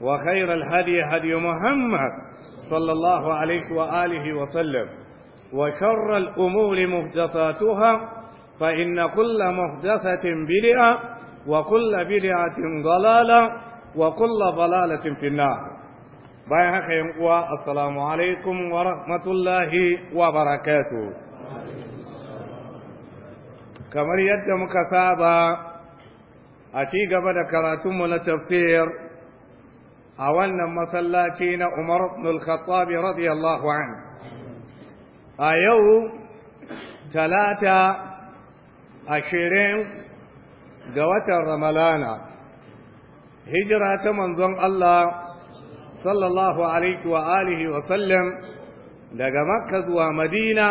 وخير الهدي هدي محمد صلى الله عليه وآله وسلم وشر الأمور محدثاتها فإن كل محدثة بدعة وكل بدعة ضلالة وكل ضلالة في النار بايحك يمقوى السلام عليكم ورحمة الله وبركاته كما يد مكتابا أتي قبل كراتم لتفسير a wannan masallaci na Umar ibn al-Khattab radiyallahu anhu a yau talata ashirin ga watan Ramalana hijira ta manzon Allah sallallahu alaihi wa alihi wa sallam daga Makka zuwa Madina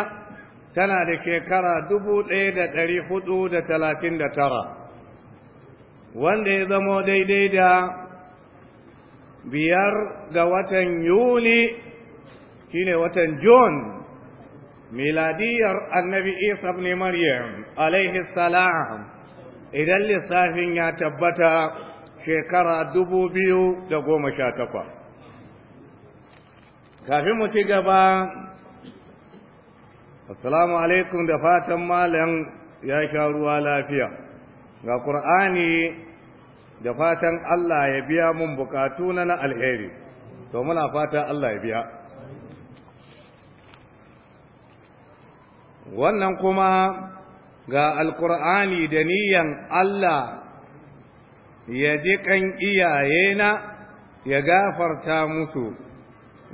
tana da shekara dubu ɗaya da ɗari hudu da talatin da tara wanda ya zamo daidai da biyar ga watan yuli shine watan Jun, miladiyar annabi isa ibn maryam alaihi salam idan lissafin ya tabbata shekara dubu biyu da goma sha takwa. kafin mu ci gaba assalamu alaikum da fatan malam ya sha ruwa lafiya ga ƙur'ani da fatan Allah ya biya mun bukatu na na alheri to muna fata Allah ya biya wannan kuma ga alkur'ani da niyan Allah ya ji kan iyayena ya gafarta musu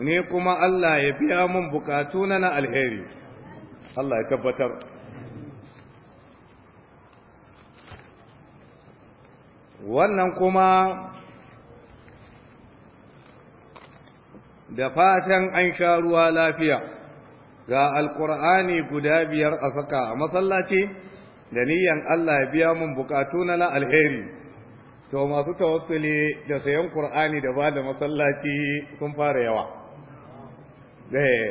ne kuma Allah ya biya mun bukatu na na alheri Allah ya tabbatar wannan kuma da fatan an sha ruwa lafiya ga alkur'ani guda biyar a saka a masallaci da niyan Allah ya biya mun bukatu na alheri to masu tawassuli da sayan qur'ani da ba da masallaci sun fara yawa eh.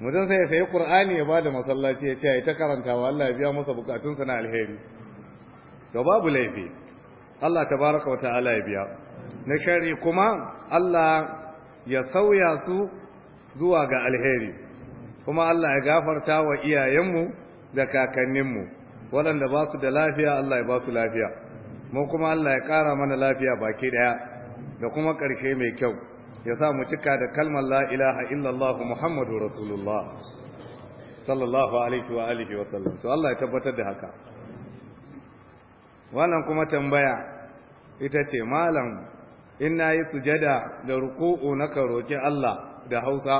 mutum sai ya sayi qur'ani ya ba da masallaci ya ce ya ta karantawa Allah ya biya masa bukatunsa na alheri to babu laifi Allah tabaraka wata'ala ya biya na shari kuma Allah ya sauya su zuwa ga alheri kuma Allah ya gafarta wa iyayenmu da kakanninmu waɗanda ba su da lafiya Allah ya ba su lafiya mu kuma Allah ya ƙara mana lafiya baki ɗaya da kuma ƙarshe mai kyau ya sa mu cika da kalmar la ilaha illallah muhammadu rasulullah sallallahu alaihi wa alihi wa sallam to Allah ya tabbatar da haka wannan kuma tambaya ita ce malam in na yi sujada da ruku'u na karoki Allah da hausa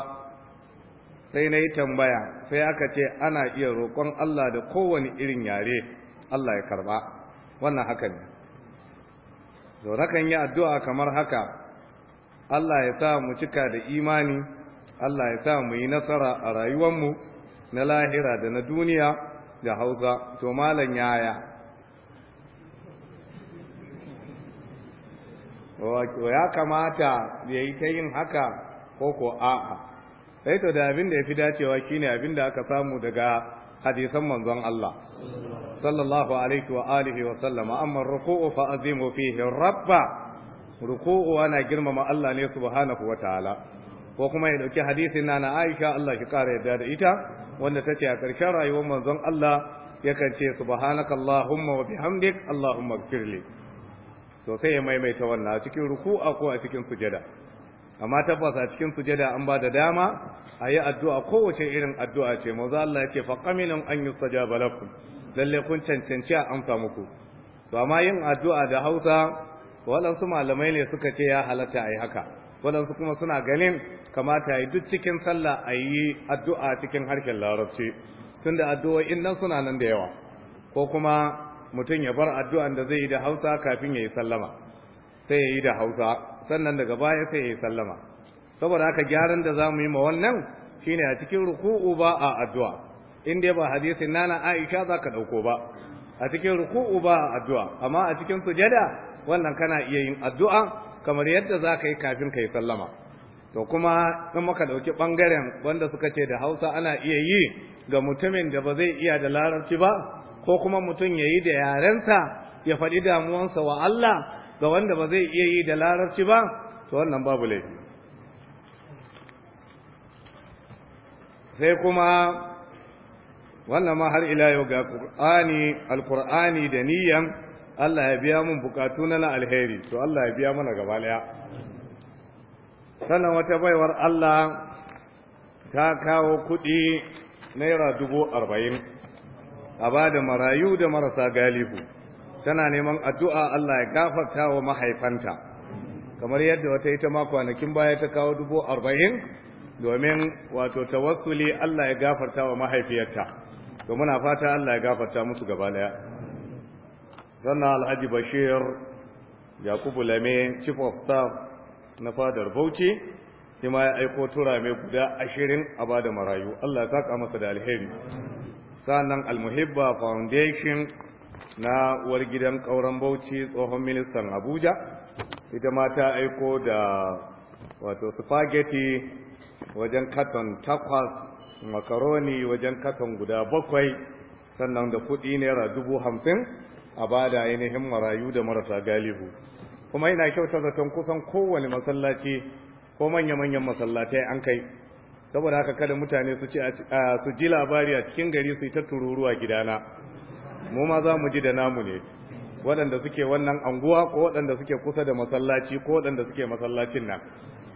sai na yi tambaya sai aka ce ana iya roƙon Allah da kowane irin yare Allah ya karba wannan haka ne zo yi addu'a kamar haka Allah ya sa mu cika da imani Allah ya sa mu yi nasara a rayuwanmu na lahira da na duniya da hausa to malam yaya ya kamata ya yi ta yin haka ko ko a'a sai eh to da abin da ya fi dacewa shine abin da aka samu daga hadisan manzon Allah sallallahu alaihi wa alihi wa sallama amma ruku'u fa azimu fihi rabba ruku'u ana girmama Allah ne subhanahu wa ta'ala ko kuma ya dauki hadisin na Aisha Allah ki kara yadda da ita wanda tace a ƙarshen rayuwar manzon Allah yakan ce subhanakallahumma wa bihamdik allahumma ighfirli to sai ya maimaita wannan a cikin ruku'a ko a cikin sujada amma tabbas a cikin sujada an ba da dama a yi addu'a kowace irin addu'a ce maza Allah ya ce faƙaminin an yi lakum lalle kun cancanci a amsa muku to amma yin addu'a da hausa waɗansu malamai ne suka ce ya halatta a yi haka waɗansu kuma suna ganin kamata ayi duk cikin sallah a addu'a cikin harshen larabci tun da addu'o'in nan suna nan da yawa ko kuma mutum ya bar addu'an da zai yi da hausa kafin ya yi sallama sai ya yi da hausa sannan daga baya sai ya yi sallama saboda haka gyaran da za mu yi ma wannan ne a cikin ruku'u ba a addu'a in dai ba hadisin nana aisha za ka ɗauko ba a cikin ruku'u ba a addu'a amma a cikin sujada wannan kana iya yin addu'a kamar yadda za ka yi kafin ka yi sallama to kuma in muka ɗauki ɓangaren wanda suka ce da hausa ana iya yi ga mutumin da ba zai iya da larabci ba ko kuma mutum ya yi da yarensa ya faɗi damuwansa wa Allah ga wanda ba zai iya yi da larabci ba to wannan babu laifi sai kuma wannan ma har ila yau ga Al-ƙur'ani da niyyan Allah ya biya mun bukatu na na alheri to Allah ya biya mana gaba daya sannan wata baiwar Allah ta kawo kuɗi naira dubu arba'in a ba da marayu da marasa galihu tana neman addu'a Allah ya gafarta wa mahaifanta kamar yadda wata ita ma kwanakin baya ta kawo dubu arba'in domin wato ta wasuli, Allah ya gafarta wa mahaifiyarta to muna fata Allah ya gafarta musu gaba daya sannan alhaji bashir yakubu lame chief of staff na fadar bauchi shi ma ya aiko tura mai guda ashirin a bada marayu Allah ya saka masa da alheri sannan almuhibba foundation na uwar gidan ƙauren bauchi tsohon ministan abuja ita ma ta aiko da wato spaghetti wajen katon takwas makaroni wajen katon guda bakwai sannan da kuɗi naira dubu hamsin a bada ainihin marayu da marasa galihu kuma ina kyauta zaton kusan kowane masallaci ko manya-manyan masallatai an kai saboda haka kada mutane su ce ji labari a cikin gari su yi ta tururuwa gidana mu ma za mu ji da namu ne waɗanda suke wannan anguwa ko waɗanda suke kusa da masallaci ko waɗanda suke masallacin nan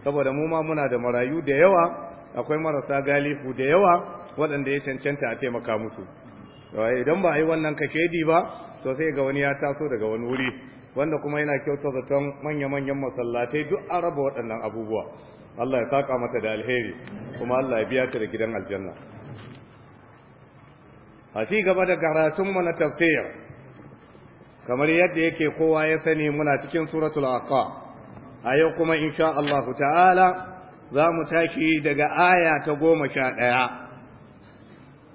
saboda mu ma muna da marayu da yawa akwai marasa galihu da yawa waɗanda ya cancanta a taimaka musu idan ba a yi wannan kakedi ba sosai sai ga wani ya taso daga wani wuri wanda kuma yana kyauta zaton manya-manyan masallatai duk araba raba waɗannan abubuwa Allah ya saka masa da alheri kuma Allah ya biya ta da gidan aljanna a ci gaba da karatun mu na tafsir kamar yadda yake kowa ya sani muna cikin suratul aqab a yau kuma insha Allah ta'ala za mu tashi daga aya ta goma sha ɗaya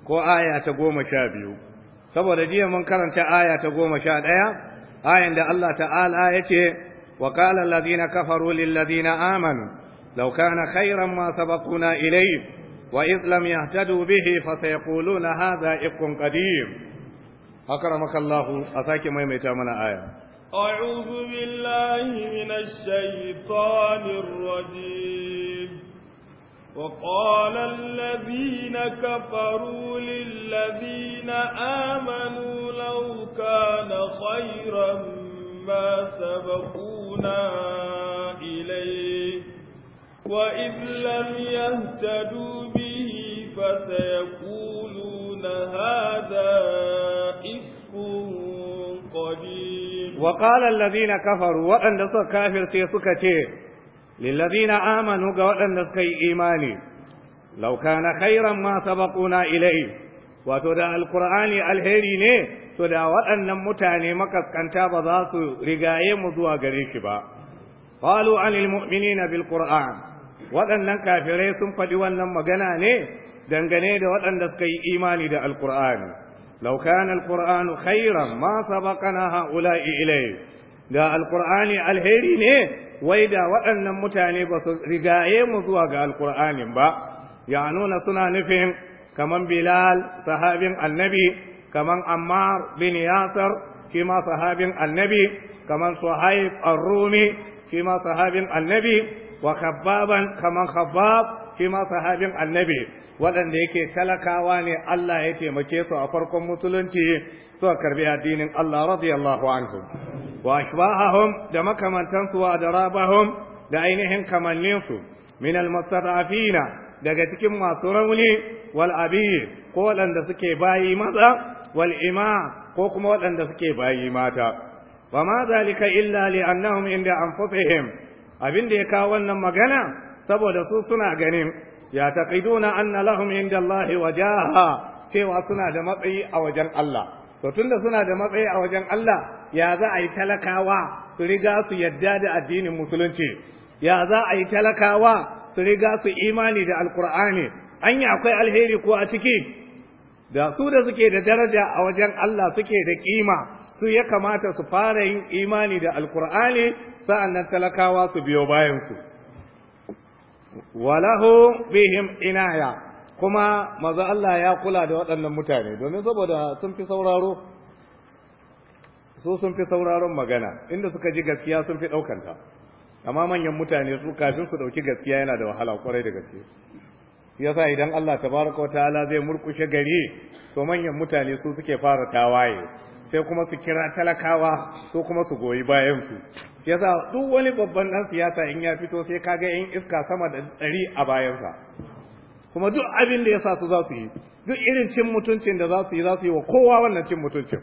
ko aya ta goma sha biyu saboda jiya mun karanta aya ta goma sha ɗaya ayan da Allah ta'ala ya ce wa qala allazina kafaru lil ladina amanu لو كان خيرا ما سبقونا إليه وإذ لم يهتدوا به فسيقولون هذا إفق قديم أكرمك الله أتاك يميت من آية أعوذ بالله من الشيطان الرجيم وقال الذين كفروا للذين آمنوا لو كان خيرا ما سبقونا لم يهتدوا به فسيقولون هذا إفك قديم وقال الذين كفروا وأن نصر كافر تيسكتي للذين آمنوا وأن نصر إيماني لو كان خيرا ما سبقونا إليه wato da alkur'ani alheri ne to da waɗannan mutane makaskanta ba za su rigaye mu zuwa gare shi ba qalu anil mu'minina bil waɗannan kafirai sun faɗi wannan magana ne dangane da waɗanda suka yi imani da alkur'ani law kana alqur'anu khairan ma sabaqana haula'i ilai. da alkur'ani alheri ne wai da waɗannan mutane ba su rigaye mu zuwa ga alkur'anin ba ya nuna suna nufin kaman bilal sahabin annabi kaman ammar bin yasar shi ma sahabin annabi kaman suhaib ar-rumi shi ma sahabin annabi wa khabbaban kaman khabbab shi ma annabi waɗanda yake talakawa ne Allah ya taimake su a farkon musulunci suka karbi addinin Allah radiyallahu anhu wa ashbahahum da makamantansu wa adrabahum da ainihin kamanninsu min almustadafina daga cikin masu rauni wal abi ko waɗanda suke bayi maza wal ima ko kuma waɗanda suke bayi mata wa ma zalika illa li annahum inda anfusihim abin da ya kawo wannan magana saboda su suna ganin ya taqiduna anna lahum inda Allah wajaha cewa suna da matsayi a wajen Allah to tunda suna da matsayi a wajen Allah ya za a yi talakawa su riga su yadda da addinin musulunci ya za a yi talakawa su riga su imani da alkur'ani anya akwai alheri ko a ciki da su da suke da daraja a wajen Allah suke da kima su ya kamata su fara yin imani da alkur'ani sa'annan talakawa su biyo bayansu walahu bihim inaya kuma maza Allah ya kula da waɗannan mutane domin saboda sun fi sauraro su sun fi sauraron magana inda suka ji gaskiya sun fi ɗaukanta amma manyan mutane su kafin su ɗauki gaskiya yana da wahala kwarai da gaske Ya sa idan Allah tabaraka Ta'ala zai murkushe gari to manyan mutane su suke fara tawaye sai kuma su kira talakawa su kuma su goyi bayan su sa duk wani babban dan siyasa in ya fito sai kaga yan iska sama da ɗari a bayansa kuma duk abin da yasa su za su yi duk irin cin mutuncin da za su yi za su yi wa kowa wannan cin mutuncin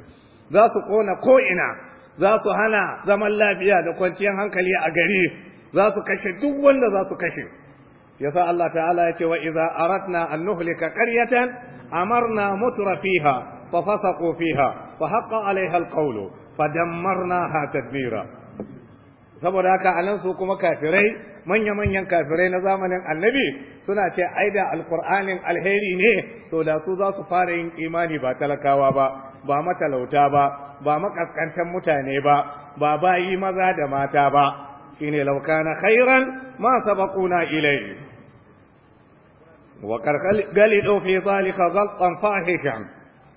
za su kona ko ina za su hana zaman lafiya da kwanciyar hankali a gari za su kashe duk wanda za su kashe yasa Allah ta'ala ya ce wa idza aradna an nuhlika qaryatan amarna mutra fiha fa fasaqu fiha fa haqqa alaiha alqawlu fa dammarnaha tadmira saboda haka anan su kuma kafirai manya-manyan kafirai na zamanin annabi suna ce ai da alkur'anin alheri ne to da su za su fara yin imani ba talakawa ba ba matalauta ba ba makaskantan mutane ba ba bayi maza da mata ba shine laukana khairan ma sabaquna ilayhi وقلدوا في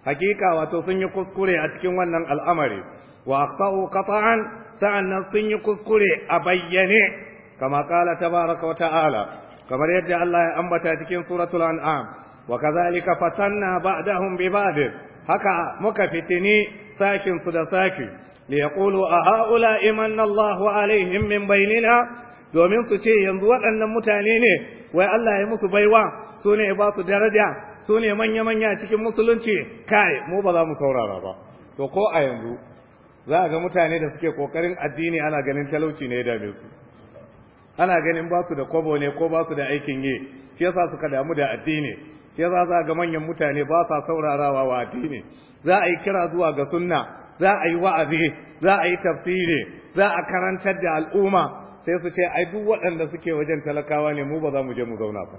Hakika wato sun yi kuskure a cikin wannan al'amari wa aqta'u qata'an ta'annan sunyi kuskure a bayyane kama qala tabaaraka wa ta'ala kamar yadda Allah ya ambata cikin suratul an'am wa kadhalika fatanna ba'dahum bi haka muka fitini sakin su da saki li yaqulu a haula imanna Allahu alaihim min bainina domin su ce yanzu waɗannan mutane ne wai Allah ya yi musu baiwa su ne ba su daraja su ne manya-manya cikin musulunci kai mu ba za mu saurara ba to ko a yanzu za a ga mutane da suke kokarin addini ana ganin talauci ne ya dame su ana ganin ba su da kwabo ne ko ba su da aikin yi shi yasa suka damu da addini shi yasa za ga manyan mutane ba sa saurarawa wa addini za a yi kira zuwa ga sunna za a yi wa'azi za a yi tafsiri za a karantar da al'umma sai su ce ai duk waɗanda suke wajen talakawa ne mu ba za mu je mu zauna ba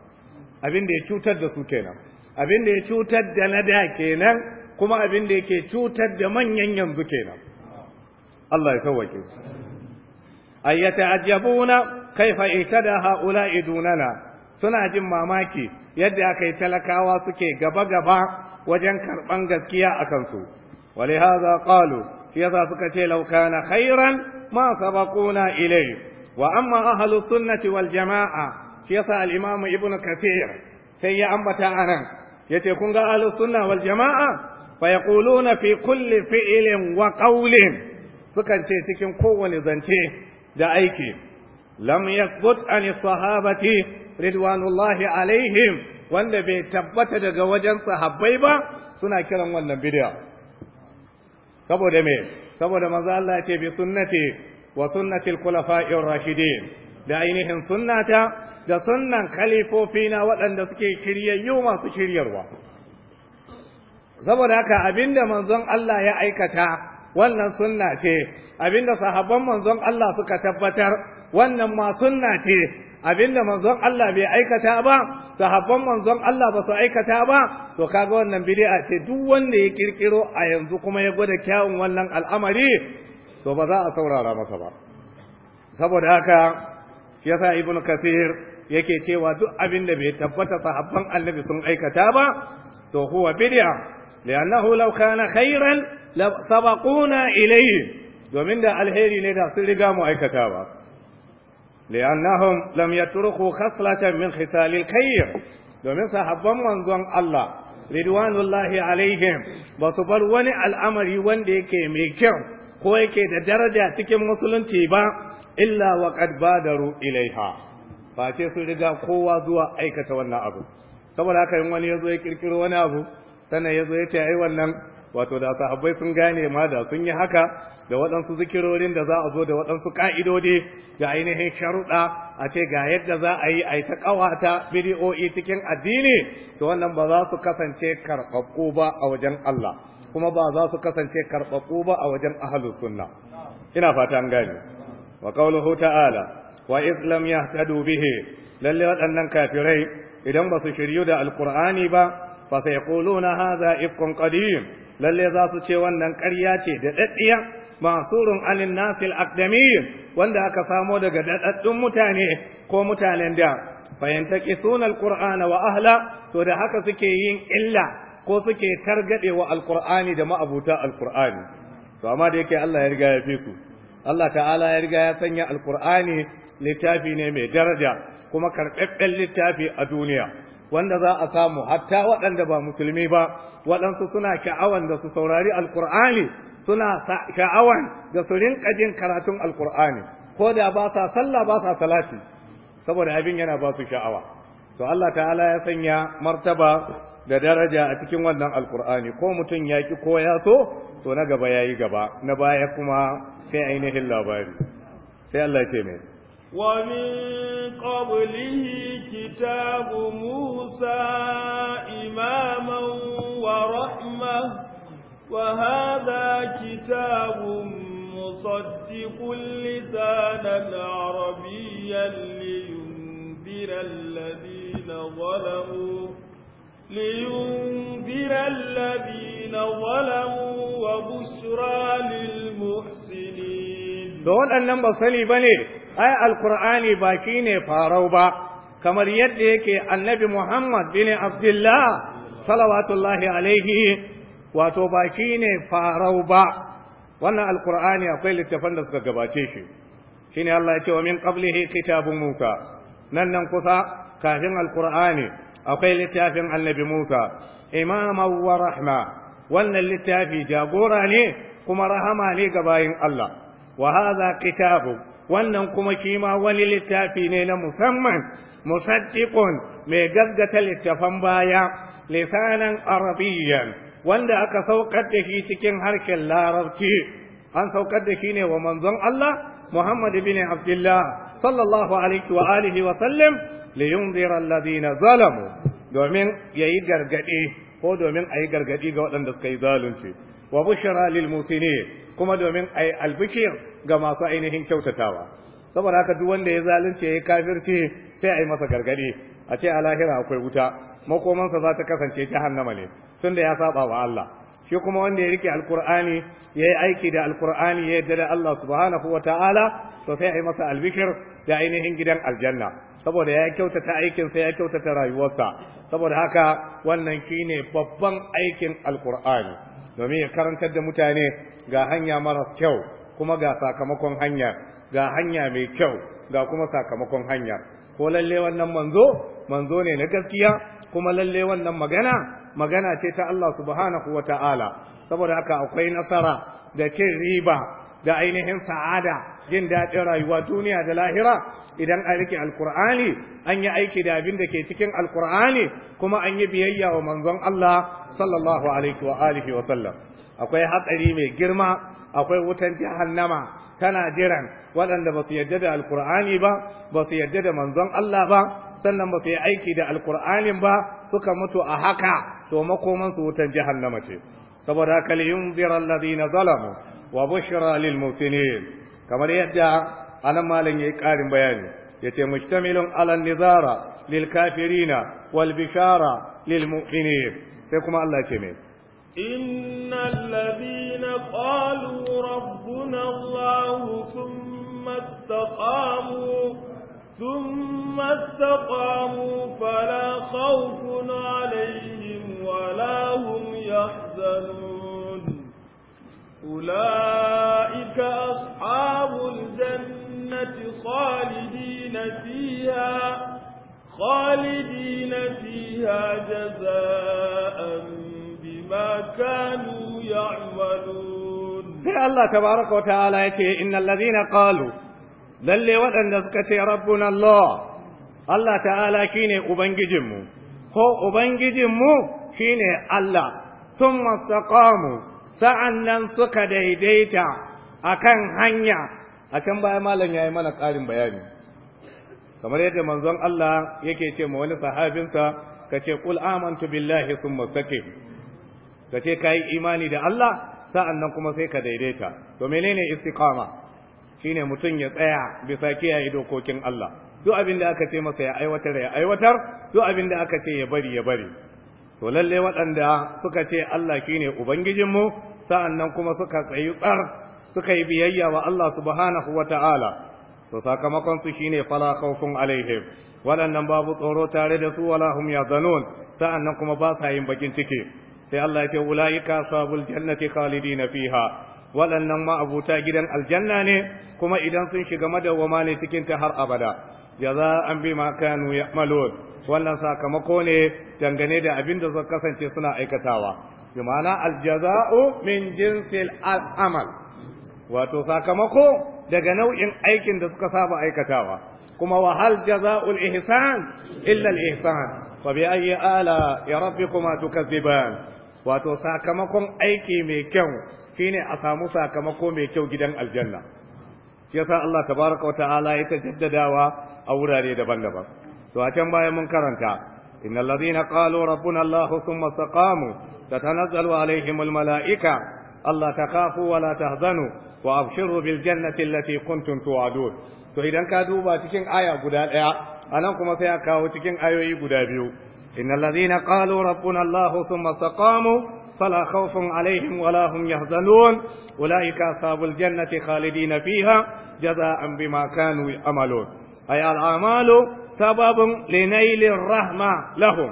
abin da ya cutar da su kenan abin da ya cutar da na da kenan kuma abin da yake cutar da manyan yanzu kenan Allah ya sauwake ayyata ajabuna kaifa itada haula idunana suna jin mamaki yadda aka yi talakawa suke gaba gaba wajen karban gaskiya a kansu walihaza qalu shi yasa suka ce law kana khairan ma sabaquna ilayhi wa amma ahlus sunnati wal jama'a shi yasa al-imamu ibnu kathir sai ya ambata anan yace kun ga ahlus sunna wal jama'a fa yaquluna fi kulli fi'lin wa qawlin sukan ce cikin kowane zance da aiki lam yakbut an sahabati ridwanullahi alaihim wanda bai tabbata daga wajen sahabbai ba suna kiran wannan bid'a saboda me saboda manzo Allah ya ce bi sunnati wa sunnati al-khulafa'ir rashidin da ainihin sunnata da sunnan na waɗanda suke kiryayyu masu kiryarwa. saboda haka abinda manzon Allah ya aikata wannan sunna ce abinda sahabban manzon Allah suka tabbatar wannan ma sunna ce abinda manzon Allah bai aikata ba sahabban manzon Allah ba su aikata ba to kaga wannan bid'a ce duk wanda ya kirkiro a yanzu kuma ya gwada kyawun wannan al'amari to ba za a saurara masa ba saboda haka yasa ibnu kathir yake cewa duk abin da bai tabbata sahabban annabi sun aikata ba to huwa bid'a li'annahu law kana khairan la sabaquna ilayhi domin da alheri ne da sun riga mu aikatawa li'annahum lam yatruku khaslatan min khisalil khayr domin sahabban manzon Allah ridwanullahi alaihim ba su bar wani al'amari wanda yake mai kyau ko yake da daraja cikin musulunci ba illa wa badaru ilaiha ba ce sun riga kowa zuwa aikata wannan abu saboda haka yin wani ya zo ya kirkiro wani abu sannan ya zo ya ce ai wannan wato da sahabbai sun gane ma da sun yi haka da waɗansu zikirorin da za a zo da waɗansu ƙa'idodi da ainihin sharuɗa a ce ga yadda za a yi a yi ƙawata bidiyo'i cikin addini to wannan ba za su kasance karɓaɓɓu ba a wajen Allah kuma ba za su kasance karɓaɓɓu ba a wajen ahalus sunna ina fata an gane wa qawluhu ta'ala wa islam ya tadu bihe lalle waɗannan kafirai idan ba su shiryu da alkur'ani ba fa sai na haza ifkun qadim lalle za su ce wannan ƙarya ce da daddiya masurun alin nasil aqdamin wanda aka samo daga daɗaɗɗun mutane ko mutanen da fayantaqisuna alqur'ana wa ahla to da haka suke yin illa ko suke targade wa alqur'ani da ma'abuta alkur'ani to amma da yake Allah ya riga ya fi su Allah ta'ala ya riga ya sanya alkur'ani littafi ne mai daraja kuma karɓaɓɓen littafi a duniya wanda za a samu hatta waɗanda ba musulmi ba waɗansu suna sha'awan da su saurari alkur'ani suna sha'awan da su rinƙa jin karatun alkur'ani ko da ba sa sallah ba sa salati saboda abin yana ba su sha'awa to Allah ta'ala ya sanya martaba da daraja a cikin wannan alkur'ani ko mutum ya ki ko ya so to na gaba ya yi gaba na baya kuma sai ainihin labari sai Allah ya ce mai ومن قبله كتاب موسى إماما ورحمة وهذا كتاب مصدق لسانا عربيا لينذر الذين ظلموا لينذر الذين ظلموا وبشرى للمحسنين Da waɗannan ba sani ba ne ai alkur'ani baki ne farau ba kamar yadda yake annabi muhammad bin abdullah salawatullahi alaihi wato baki ne farau ba wannan alkur'ani akwai littafan da suka gabace shi shine Allah ya ce wa min qablihi kitabun Musa nan nan kusa kafin alkur'ani akwai littafin annabi Musa imaman wa rahma wannan littafi jagora ne kuma rahama ne ga bayin Allah Wahaza kitabu wannan kuma shi ma wani littafi ne na musamman musaddiqun mai gaggata littafan baya lisanan arabiyyan wanda aka saukar da shi cikin harkar larabci an saukar da shi ne wa manzon Allah Muhammad ibn Abdullah sallallahu alaihi wa alihi wa sallam liyunzira alladhina zalamu domin yayi gargadi ko domin ayi gargadi ga waɗanda suka yi zalunci wa bushra lil kuma domin a yi albikir ga masu ainihin kyautatawa saboda haka duk wanda ya zalunce ya kafirce sai a yi masa gargadi a ce a lahira akwai wuta makomansa za ta kasance jahannama ne tun da ya saba wa Allah shi kuma wanda ya rike alkur'ani ya yi aiki da alkur'ani ya yarda da Allah subhanahu wa ta'ala to sai a yi masa albikir da ainihin gidan aljanna saboda ya kyautata aikinsa ya kyautata rayuwarsa saboda haka wannan shine babban aikin alkur'ani domin ya karantar da mutane ga hanya mara kyau kuma ga sakamakon hanya ga hanya mai kyau ga kuma sakamakon hanya ko lalle wannan manzo manzo ne na gaskiya kuma lalle wannan magana magana ce ta Allah subhanahu wata'ala saboda haka akwai nasara da cin riba da ainihin sa'ada jin daɗin rayuwa duniya da lahira idan an rike alkur'ani an yi aiki da abin da ke cikin alkur'ani kuma an yi biyayya wa manzon Allah sallallahu alaihi wa alihi wa sallam akwai hatsari mai girma akwai wutan jahannama tana jiran waɗanda ba su yarda da alkur'ani ba ba su yarda da manzon Allah ba sannan ba su yi aiki da alkur'anin ba suka mutu a haka to makoman su wutan jahannama ce saboda haka li yunzira alladhina zalamu wa bushra lil muhsinin kamar yadda anan malam yayi ƙarin bayani yace mujtamilun ala nizara lil kafirina wal bishara lil mu'minin sai kuma Allah ce mai innal ladina qalu rabbuna Allah thumma istaqamu ثم استقاموا فلا خوف خالدين فيها جزاء بما كانوا يعملون سي الله تبارك وتعالى يتي إن الذين قالوا للي ودن نذكتي ربنا الله الله تعالى كيني أبنججمو هو أبنججمو كيني الله ثم استقاموا سعنا سكا ديديتا أكن هنيا أكن بايا مالا يا إيمانا قارن بياني kamar yadda manzon Allah yake ce ma wani sahabinsa ka ce qul amantu billahi sun istaqim ka ce yi imani da Allah sa'annan kuma sai ka daidaita to menene istiqama shine mutum ya tsaya bisa kiyaye dokokin Allah duk abin da aka ce masa ya aiwatar ya aiwatar duk abin da aka ce ya bari ya bari to lalle waɗanda suka ce Allah shine ubangijinmu sa'annan kuma suka tsayi tsar suka yi biyayya wa Allah subhanahu wata'ala to sakamakon su shine fala khawfun alaihim waɗannan babu tsoro tare da su wala hum yazanun sa'annan kuma ba sa yin bakin ciki sai Allah ya ce ulaika sabul jannati khalidina fiha waɗannan ma abuta gidan aljanna ne kuma idan sun shiga madawwama ne cikin ta har abada jaza'an bima kanu ya'malun wannan sakamako ne dangane da abin da suka kasance suna aikatawa bi ma'ana aljaza'u min jinsil al'amal wato sakamako daga nau'in aikin da suka saba aikatawa kuma wa hal jaza'ul ihsan illa al ihsan fa bi ayyi ala ya rabbikuma tukazziban wato sakamakon aiki mai kyau shine a samu sakamako mai kyau gidan aljanna shi yasa Allah tabaraka wa ta'ala ya tajaddadawa a wurare daban-daban to a can bayan mun karanta إن الذين قالوا ربنا الله ثم استقاموا تتنزل عليهم الملائكة ألا تخافوا ولا تهزنوا wa abshiru bil jannati allati kuntum tu'adun to idan ka duba cikin aya guda daya anan kuma sai a kawo cikin ayoyi guda biyu innal ladhina qalu rabbuna allah thumma istaqamu فلا خوف عليهم ولا هم يحزنون أولئك أصحاب الجنة خالدين فيها جزاء بما كانوا يعملون أي الأعمال سبب لنيل الرحمة لهم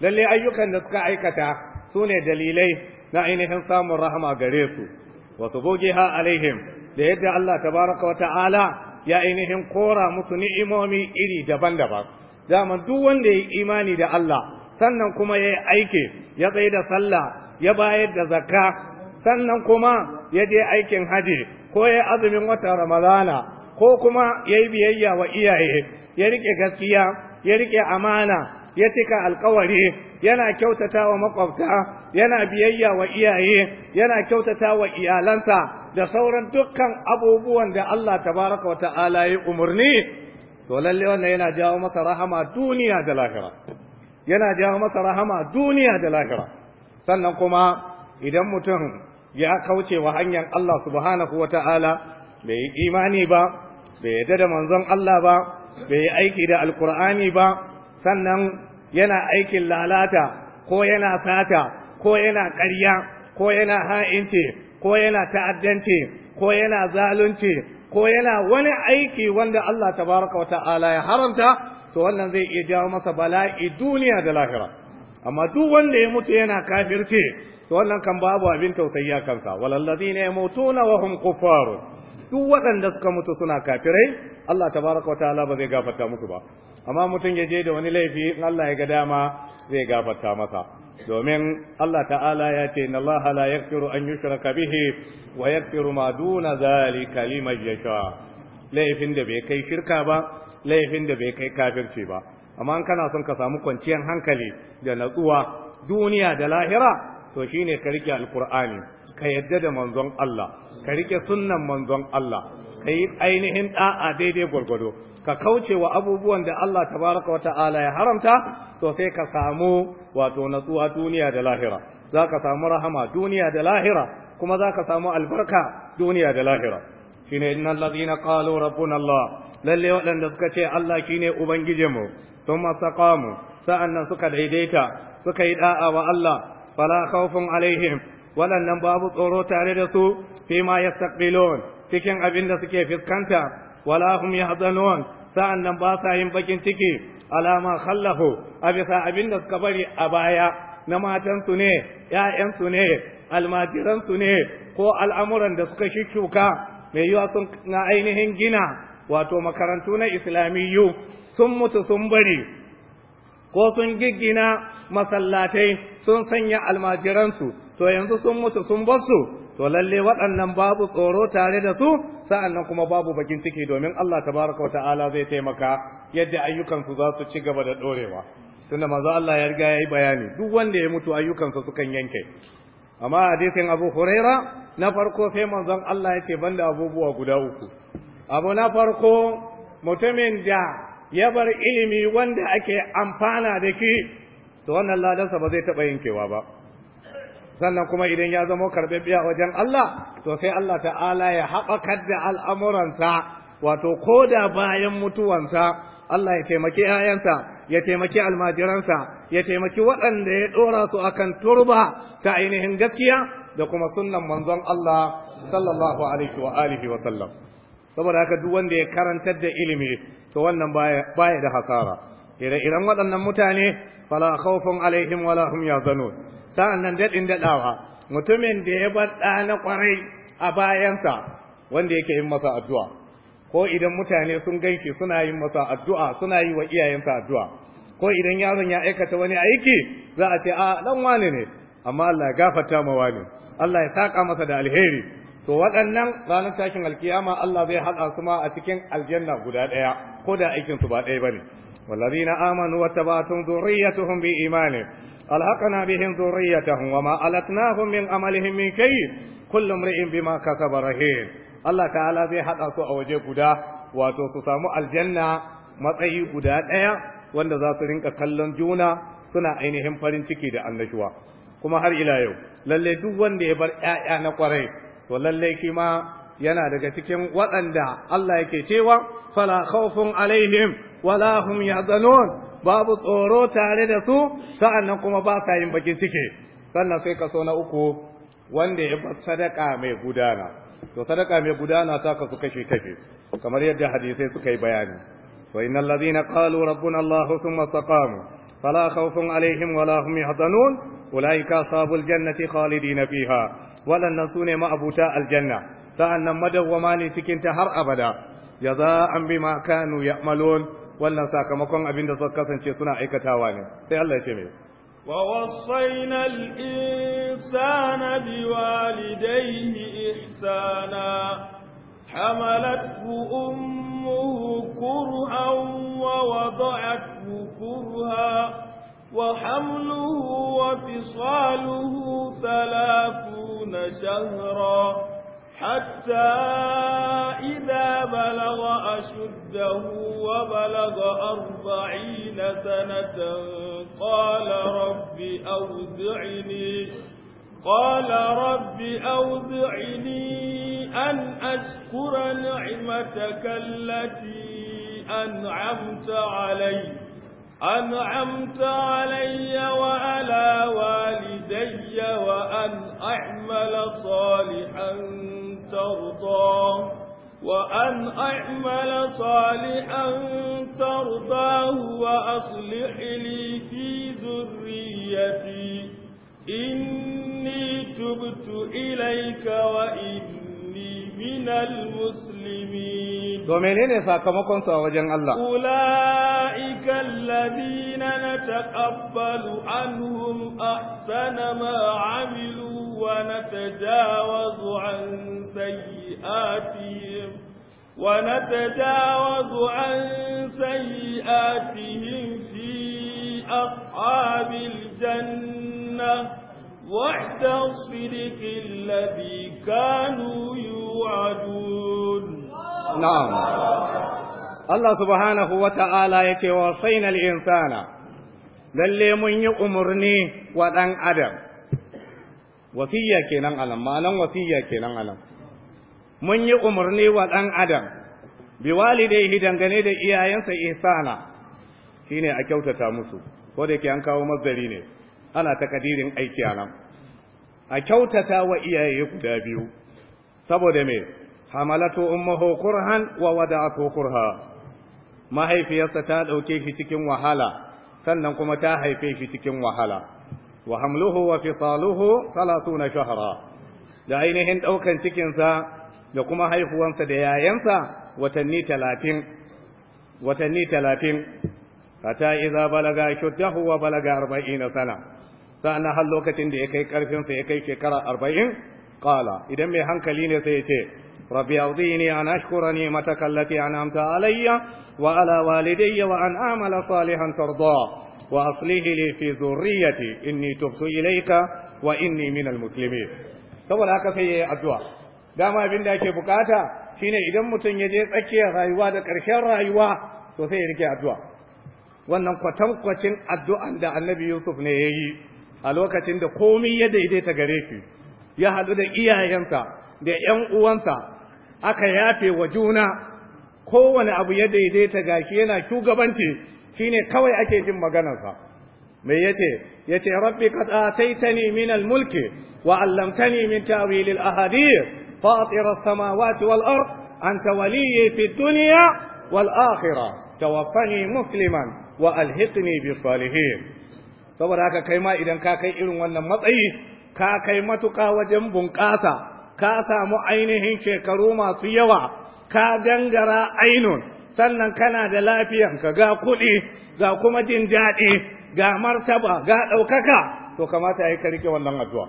للي أيك نتكعيكتا سوني دليلي نعينهم سام الرحمة قريسو Wasu wa har alaihim da yadda Allah tabaraka wa ta'ala ya ainihin kora musu ni'imomi iri daban-daban dama duk wanda ya yi imani da Allah sannan kuma ya yi aiki ya tsaye da sallah ya bayar da zakka sannan kuma ya je aikin haji ko ya azumin wata ramadana ko kuma ya yi biyayya wa iyaye ya riƙe gaskiya ya riƙe amana ya cika alkawari yana kyautata wa makwabta yana biyayya wa iyaye yana kyautata wa iyalansa da sauran dukkan abubuwan da Allah tabaraka wa ta'ala ya umurni to lalle wannan yana jawo masa rahama duniya da lahira yana jawo masa rahama duniya da lahira sannan kuma idan mutum ya kauce wa hanyar Allah subhanahu wa ta'ala bai yi imani ba bai yarda da manzon Allah ba bai yi aiki da alkur'ani ba sannan yana aikin lalata ko yana sata ko yana ƙarya ko yana ha'inci ko yana ta'addanci ko yana zalunci ko yana wani aiki wanda Allah tabaraka wa ta'ala ya haramta to wannan zai iya jawo masa bala'i duniya da lahira amma duk wanda ya mutu yana kafirce to wannan kan babu abin tausayi a kansa walallazina yamutuna wa hum kuffar duk waɗanda suka mutu suna kafirai Allah tabaraka wa ta'ala ba zai gafarta musu ba amma mutum ya je da wani laifi in Allah ya ga dama zai gafarta masa domin Allah ta'ala ya ce inna Allah la yaghfiru an yushraka bihi wa yaghfiru ma duna zalika liman yasha laifin da bai kai shirka ba laifin da bai kai kafirci ba amma in kana son ka samu kwanciyar hankali da natsuwa duniya da lahira to shine ka rike alqur'ani ka yadda da manzon Allah ka rike sunnan manzon Allah ka yi ainihin da'a daidai gwargwado ka kauce wa abubuwan da Allah tabaraka wa ta'ala ya haramta to sai ka samu wato natsuwa duniya da lahira za ka samu rahama duniya da lahira kuma za ka samu albarka duniya da lahira shine innal ladina qalu rabbuna Allah lalle waɗanda suka ce Allah ne ubangijinmu thumma sa'an sa'annan suka daidaita suka yi ɗa'a wa Allah fala kaufin alaihim waɗannan babu tsoro tare da su fi ma yastaqbilun cikin abin da suke fuskanta. wala hum yahzanun sa'an nan ba sa yin bakin ciki alama khallahu a bisa abin da suka bari a baya na matansu ne ‘ya'yansu ne almajiransu ne ko al'amuran da suka shuka mai yiwa sun na ainihin gina wato makarantu na islamiyyu sun mutu sun bari ko sun giggina masallatai sun sanya almajiransu to yanzu sun mutu sun bar su. to lalle waɗannan babu tsoro tare da su sa'annan kuma babu bakin ciki domin Allah tabaraka ta'ala zai taimaka yadda ayyukansu za su ci gaba da ɗorewa tunda manzo Allah ya riga ya yi bayani duk wanda ya mutu ayyukansa sukan yanke amma hadisin Abu Huraira na farko sai manzon Allah ya ce banda abubuwa guda uku abu na farko mutumin da ya bar ilimi wanda ake amfana da ki to wannan ladansa ba zai taɓa yankewa ba sannan kuma idan ya zama karɓaɓɓe wajen Allah to sai Allah ta'ala ya haɓakar da al'amuransa wato ko da bayan mutuwansa Allah ya taimaki ‘ya'yansa, ya taimaki almajiransa, ya taimaki waɗanda ya ɗora su akan turba ta ainihin gaskiya da kuma sunnan manzon Allah sallallahu alaihi wa alihi wa sallam. Saboda haka duk wanda ya karantar da ilimi, to wannan baya da hasara. ire-iren waɗannan mutane fala khawfun alaihim wala hum sa'an sa'annan daɗin daɗawa, mutumin da ya bar ɗa na kwarai a bayansa wanda yake yin masa addu'a ko idan mutane sun gaishe suna yin masa addu'a suna yi wa iyayensa addu'a ko idan yaron ya aikata wani aiki za a ce a dan wani ne amma Allah ya gafarta ma wani Allah ya saka masa da alheri to waɗannan ranar tashin alkiyama Allah zai haɗa su ma a cikin aljanna guda ɗaya ko da aikinsu ba ɗaya bane. والذين آمنوا واتبعتهم ذريتهم بإيمان ألحقنا بهم ذريتهم وما ألتناهم من عملهم من كيد كل امرئ بما كسب رهين الله تعالى زي حد guda وجه قدا وتوسسامو الجنة matsayi guda ɗaya wanda za su rinka kallon juna suna ainihin farin ciki da annashuwa kuma har ila yau lalle duk wanda ya bar ƴaƴa na kwarai to lalle kima yana daga cikin waɗanda Allah yake cewa fala khawfun alaihim wala hum babu tsoro tare da su sa'annan kuma ba sa yin bakin ciki sannan sai so na uku wanda ya bar sadaka mai gudana to sadaka mai gudana ta kasu kashe kashe kamar yadda hadisai suka yi bayani wa innal ladina qalu rabbuna allah thumma istaqamu fala khawfun alaihim wala hum yahzanun ulaika ashabul jannati khalidina fiha walannan sune ma'abuta aljanna sa'annan madawwama ne cikin ta har abada jaza'an bima kanu ya'malun wannan sakamakon abin da suka kasance suna aikatawa ne sai Allah ya ce mai ووصينا الإنسان بوالديه إحسانا حملته أمه كرها ووضعته كرها وحمله وفصاله ثلاثون شهرا حتى إذا بلغ أشده وبلغ أربعين سنة قال رب أوزعني قال رب أوزعني أن أشكر نعمتك التي أنعمت علي أنعمت علي وعلى والدي وأن أعمل صالحا ترضى وأن أعمل صالحا ترضاه وأصلح لي في ذريتي إني تبت إليك وإني من المسلمين ومنين ساكمكم سوى وجن الله أولئك الذين نتقبل عنهم أحسن ما عملوا ونتجاوز عن سيئاتهم ونتجاوز عن سيئاتهم في أصحاب الجنة وعد الصدق الذي كانوا يهتدون نعم الله سبحانه وتعالى يتي وصينا na lalle mun yi umarni wa ɗan adam wasiya kenan alam ma'anan wasiya kenan alam mun yi umarni wa ɗan adam bi walidaihi dangane da iyayensa ihsana shine a kyautata musu ko da ke an kawo ne ana takadirin aiki alam a kyautata wa iyaye guda biyu saboda me hamalatu ummuhu kurhan wa wada'atu kurha mahaifiyarsa ta dauke shi cikin wahala sannan kuma ta haife shi cikin wahala wa hamluhu wa fisaluhu 30 shahra da ainihin daukan cikin sa da kuma haihuwansa da yayansa watanni 30 watanni 30 hatta idza balaga shuddahu wa balaga 40 sana sa'anna har lokacin da ya kai karfin sa ya kai shekara 40 qala idan mai hankali ne sai ya ce رب أرضيني أن أشكر نعمتك التي أنعمت علي وعلى والدي وأن أعمل صالحا ترضاه وأصلح لي في ذريتي إني تبت إليك وإني من المسلمين saboda haka sai ya yi addu'a dama abin da ake bukata shine idan mutum ya je tsakiyar rayuwa da ƙarshen rayuwa sosai sai ya rike addu'a wannan kwatankwacin addu'an da annabi yusuf ne ya yi a lokacin da komi ya daidaita gare shi ya haɗu da iyayensa da ‘yan uwansa aka yafe wa juna kowane abu ya daidaita gashi yana shugabanci shine kawai ake jin maganarsa me yace yace rabbi qad ataitani min al-mulki wa 'allamtani min ta'wil al-ahadith fatir as-samawati wal-ard anta waliyyi fi dunya wal-akhirah tawaffani musliman wa alhiqni bi salihin saboda haka kai ma idan ka kai irin wannan matsayi ka kai matuƙa wajen bunƙasa ka samu ainihin shekaru masu yawa ka gangara ainun sannan kana da lafiyanka ga kuɗi ga kuma jin ga martaba ga ɗaukaka to kamata yi ka rike wannan addu'a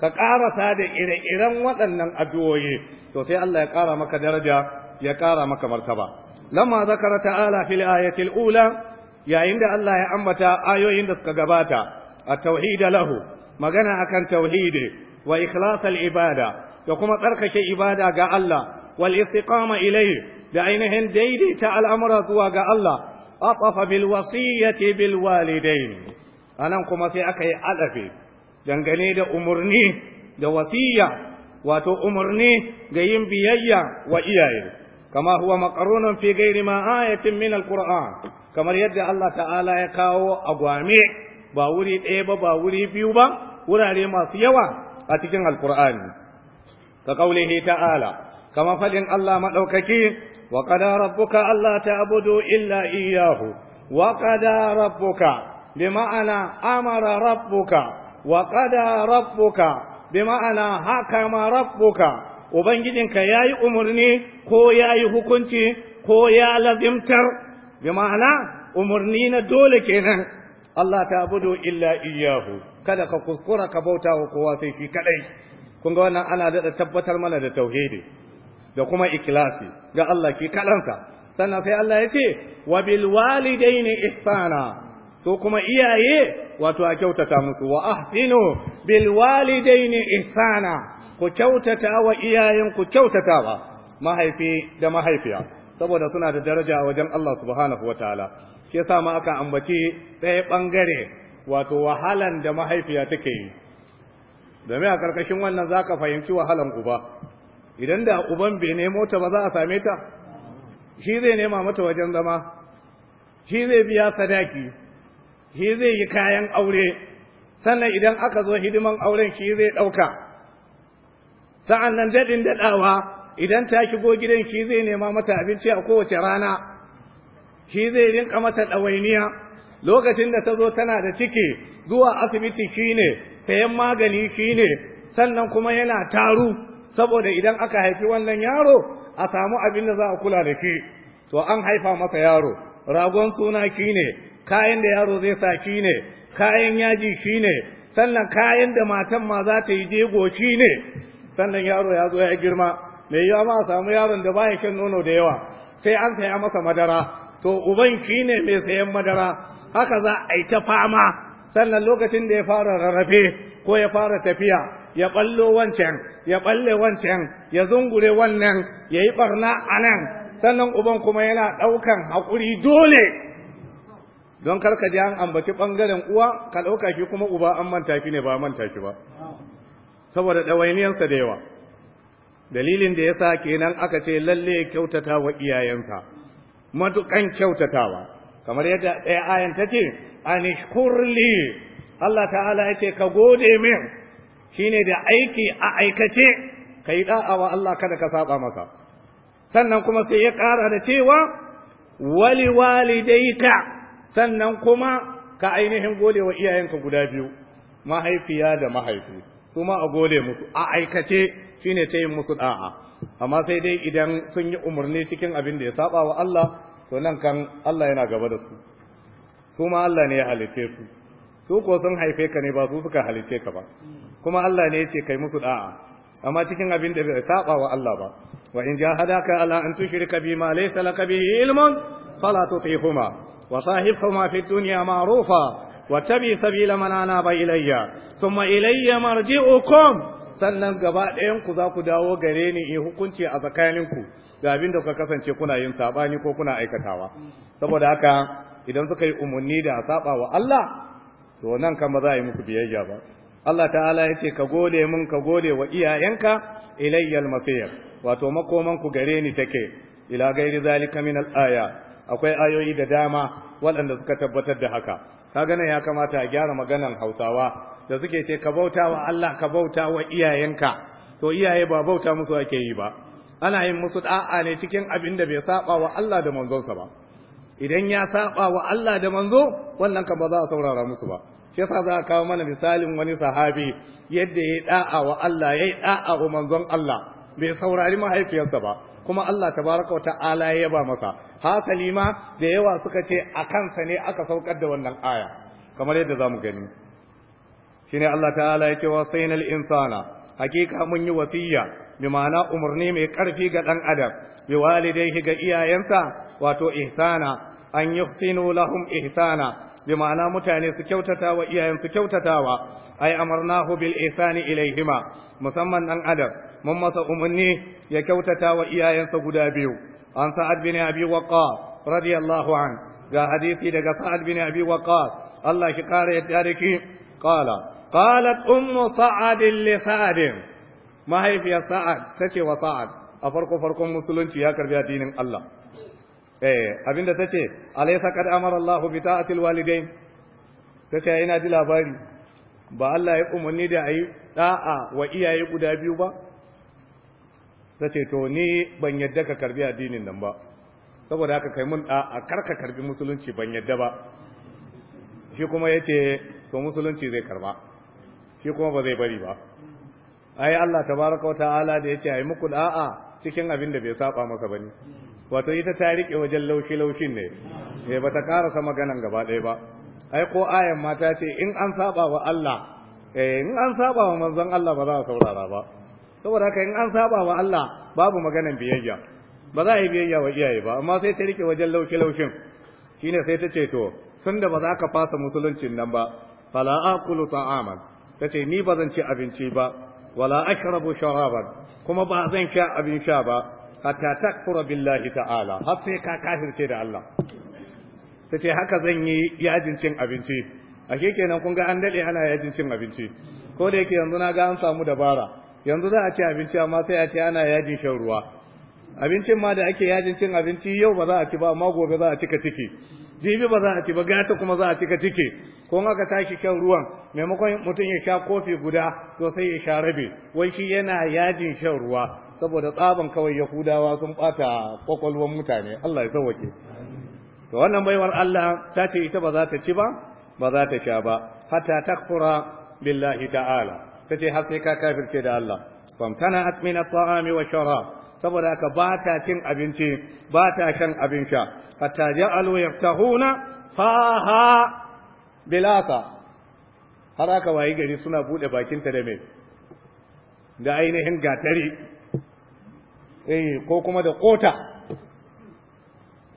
ka ƙarasa da ire-iren waɗannan addu'o'i to sai Allah ya ƙara maka daraja ya ƙara maka martaba lamma zakara ta'ala fil ayatil ula yayin da Allah ya ambata ayoyin da suka gabata a tauhida lahu magana akan tauhidi wa ikhlasal ibada da kuma tsarkake ibada ga Allah wal istiqama ilayhi da ainihin daidaita al'amura zuwa ga Allah atafa bil wasiyyati bil walidain anan kuma sai aka yi adafi dangane da umurni da wasi'a, wato umurni ga yin biyayya wa iyaye kama huwa maqarunun fi ghairi ma ayatin min alquran kamar yadda Allah ta'ala ya kawo agwame ba wuri ɗaya ba ba wuri biyu ba wurare masu yawa a cikin alkur'ani ka kaulihi ta'ala kama fadin Allah madaukaki wa qada rabbuka ta ta'budu illa iyyahu wa qada rabbuka ma'ana amara rabbuka wa qada rabbuka ma'ana hakama rabbuka ubangijinka yayi umurni ko yayi hukunci ko ya lazimtar ma'ana umurni na dole kenan Allah ta'budu illa iyyahu kada ka kuskura ka bauta wa kowa sai shi kadai kun ga wannan ana da tabbatar mana da tauhidi da kuma ikhlasi ga Allah ki kalansa sannan sai Allah ya ce wa bil walidaini ihsana so kuma iyaye wato a kyautata musu wa ahsinu bil walidaini ihsana ku kyautata wa iyayen ku kyautatawa mahaifi da mahaifiya saboda suna da daraja wajen Allah subhanahu wataala shi yasa ma aka ambaci ɗaya ɓangare. wato wahalan da mahaifiya take yi domin a ƙarƙashin wannan za ka fahimci wahalan uba idan da uban bai nemo ta ba za a same ta shi zai nema mata wajen zama shi zai biya sadaki shi zai yi kayan aure sannan idan aka zo hidiman auren shi zai ɗauka sa'an nan daɗin daɗawa idan ta shigo gidan shi zai nema mata abinci a kowace rana shi zai rinka mata ɗawainiya lokacin da ta zo tana da ciki zuwa asibiti ne, sayan magani ne, sannan kuma yana taru saboda idan aka haifi wannan yaro a samu abin da za a kula da shi to an haifa masa yaro ragon suna ne, kayan da yaro zai sa ne, kayan yaji ne, sannan kayan da matan ma za ta yi jego ne, sannan yaro ya zo ya girma mai yawa ma a samu yaron da baya shan nono da yawa sai an saya masa madara to uban ne mai sayan madara haka za a yi ta fama sannan lokacin da ya fara rarrafe ko ya fara tafiya ya ɓallo wancan ya ɓalle wancan ya zungure wannan ya yi ɓarna a nan sannan uban kuma yana ɗaukan haƙuri dole don karka ji an ambaci ɓangaren uwa ka ɗauka shi kuma uba an manta shi ne ba manta shi ba saboda ɗawainiyarsa da yawa dalilin da ya sa kenan aka ce lalle kyautatawa kyautata wa iyayensa matuƙan kyautatawa kamar yadda ɗaya ayan ta ce anishkurli Allah ta'ala ya ce ka gode min shine da aiki a aikace ka yi ɗa'a wa Allah kada ka saba maka. sannan kuma sai ya ƙara da cewa wali ka. sannan kuma ka ainihin gode wa iyayenka guda biyu mahaifiya da mahaifi su ma a gode musu a aikace shine ta yin musu ɗa'a. amma sai dai idan sun yi umarni cikin abin da ya saba wa Allah to nan kan Allah yana gaba da su su ma Allah ne ya halice su su ko sun haife ka ne ba su suka halice ka ba kuma Allah ne ya ce kai musu da'a amma cikin abin da bai saba wa Allah ba wa in jahadaka ala an tushrika bima laysa laka bihi ilmun fala tutihuma wa sahibhuma fid dunya ma'rufa واتبع سبيل من اناب الي ثم الي مرجعكم sannan gaba ɗayan ku za ku dawo gare ni in hukunci a tsakaninku ga abin da kuka kasance kuna yin sabani ko kuna aikatawa saboda haka idan suka yi umarni da saba wa Allah to nan kan ba za a yi musu biyayya ba Allah ta'ala ya ce ka gode min ka gode wa iyayenka ilayyal masir wato makoman ku gare ni take ila gairi zalika min al-aya akwai ayoyi da dama waɗanda suka tabbatar da haka kaga nan ya kamata a gyara maganan Hausawa da suke ce ka bauta wa Allah ka bauta wa iyayenka to iyaye ba bauta musu ake yi ba ana yin musu da'a ne cikin abin da bai saba wa Allah da manzonsa ba idan ya saba wa Allah da manzo wannan kan ba za a saurara musu ba shi yasa za a kawo mana misalin wani sahabi yadda ya da'a wa Allah ya da'a wa manzon Allah bai saurari mahaifiyarsa ba kuma Allah tabaraka wata'ala ya yaba masa hasali ma da yawa suka ce a kansa ne aka saukar da wannan aya kamar yadda zamu gani shine Allah ta'ala ya ce wa sainal insana hakika mun yi wasiya bi umarni mai karfi ga ɗan adam bi walidayhi ga iyayensa wato ihsana an yuhsinu lahum ihsana bi mutane su kyautata wa iyayensu kyautatawa ai amarnahu bil ihsani ilaihima musamman ɗan adam mun masa umarni ya kyautata wa iyayensa guda biyu an sa'ad bin abi waqqas radiyallahu an ga hadisi daga sa'ad bin abi waqqas Allah ki kare yadda ki. qala qalat ummu sa'ad li Sa'adin. mahaifiyar sa'ad ta ce wa sa'ad a farko farkon musulunci ya karbi addinin Allah eh abinda ta ce alaysa qad amara Allahu bi ta'atil walidain ta ce yana ji labari ba Allah ya umarni da yi. ɗa’a wa iyaye guda biyu ba ta ce to ni ban yadda ka karbi addinin nan ba saboda haka kai mun ɗa’a kar ka karbi musulunci ban yadda ba shi kuma yace to musulunci zai karba shi kuma ba zai bari ba ai Allah tabaraka wa ta'ala da yace ai muku da'a cikin abin da bai saba masa bane wato ita ta rike wajen laushi laushin ne eh bata karasa maganan gaba ɗaya ba ai ko ayan mata ce in an saba wa Allah eh in an saba wa manzon Allah ba za a saurara ba saboda haka in an saba wa Allah babu maganan biyayya ba za a yi biyayya wa iyaye ba amma sai ta rike wajen laushi laushin shine sai ta ce to sun da ba za ka fasa musuluncin nan ba fala aqulu ta'aman tace ni ba zan ci abinci ba wala ashrabu sharaban kuma ba zan sha abin sha ba hatta takfura billahi ta'ala har ka kafirce da Allah Sace haka zan yi yajin cin abinci ashe kenan kun ga an daɗe ana yajin cin abinci ko da yake yanzu na ga an samu dabara yanzu za a ci abinci amma sai a ce ana yajin shan ruwa abincin ma da ake yajin cin abinci yau ba za a ci ba ma gobe za a cika ciki jibi ba za a ci ba gata kuma za a cika cike ko in aka tashi kyan ruwan maimakon mutum ya sha kofi guda to sai ya sha rabe wai shi yana yajin shan ruwa saboda tsaban kawai yahudawa sun bata kwakwalwar mutane Allah ya sauwake to wannan baiwar Allah ta ce ita ba za ta ci ba ba za ta sha ba hatta takfura billahi ta'ala tace har sai ka kafirce da Allah famtana at min at-ta'ami wa sharab saboda haka ba ta cin abinci ba ta shan abin sha hatta ta huna faha bilaka har aka wayi gari suna buɗe bakinta da me da ainihin gatari eh ko kuma da kota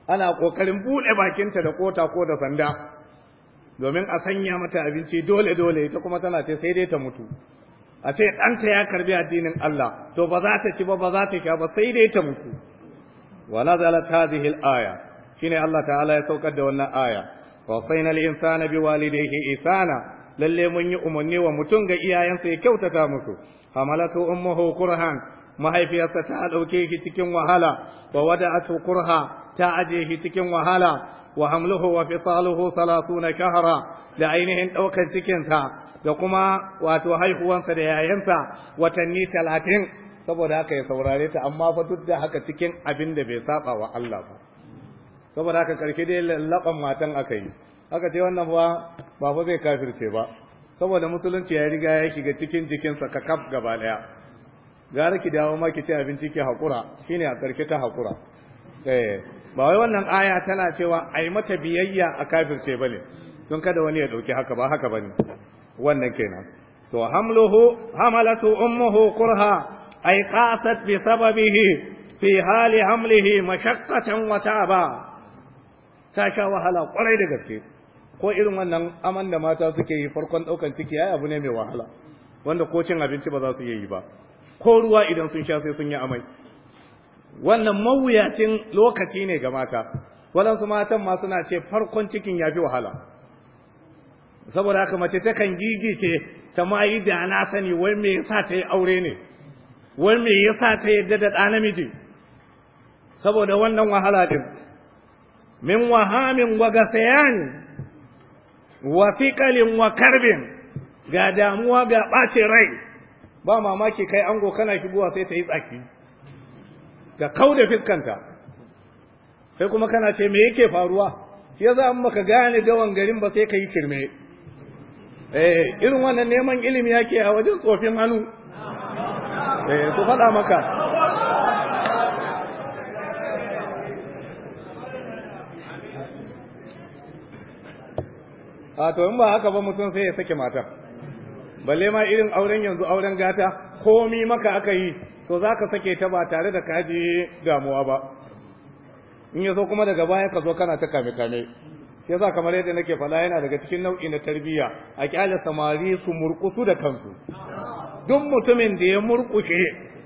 ana kokarin buɗe bakinta da kota ko da sanda domin a sanya mata abinci dole dole ita kuma tana ce sai dai ta mutu a ce ɗanta ya karbi addinin Allah to ba za ta ci ba ba za ta sha ba sai dai ta mutu wa nazalat hadhihi al-aya shine Allah ta'ala ya saukar da wannan aya wa sayna al-insana biwalidayhi ihsana lalle mun yi umarni wa mutum ga iyayensa ya kyautata musu hamalatu ummuhu kurhan mahaifiyarsa ta dauke shi cikin wahala wa wada'atu kurha ta aje shi cikin wahala wa hamluhu wa fisaluhu salasuna shahara da ainihin ɗaukar cikinsa da kuma wato haihuwansa da yayansa watanni talatin saboda haka ya saurare ta amma fa duk da haka cikin abin da bai saba wa Allah ba saboda haka karshe dai lallaban matan aka yi aka ce wannan ba ba fa zai kafirce ba saboda musulunci ya riga ya shiga cikin jikinsa ka kaf gaba daya gara ki dawo ma ki ci abinci ki hakura shine a karshe ta hakura eh ba wai wannan aya tana cewa ai mata biyayya a kafirce bane don kada wani ya dauki haka ba haka bane wannan kenan to hamluhu hamalatu ummuhu kurha ay qasat bi sababihi fi hali hamlihi mashaqqatan wa ta'aba ta sha wahala kwarai da gaske ko irin wannan aman da mata suke yi farkon daukan ciki ai abu ne mai wahala wanda ko cin abinci ba za su yi ba ko ruwa idan sun sha sai sun yi amai wannan mawuyacin lokaci ne ga mata waɗansu matan ma suna ce farkon cikin ya fi wahala saboda haka mace takan gigice ta ma yi da na sani wai me yasa ta yi aure ne wai me yasa ta yadda da ɗa namiji saboda wannan wahala din min wahamin wa gasayan wa fiƙalin wa karbin ga damuwa ga ɓace rai ba mamaki kai ango kana shigowa sai ta yi tsaki ga da fiskanta sai kuma kana ce me yake faruwa shi yasa an maka gane gawan garin ba sai ka yi kirme eh irin wannan neman ilimi yake a wajen tsofin hannu eh faɗa maka a to in ba haka ba mutum sai ya sake matar balle ma irin auren yanzu auren gata komi maka aka yi to za ka sake ta ba tare da kaji damuwa ba in ya zo kuma daga baya ka zo kana ta kame kame shi yasa kamar yadda nake fada yana daga cikin nau'i na tarbiyya a kyale samari su murkusu da kansu duk mutumin da ya murkushe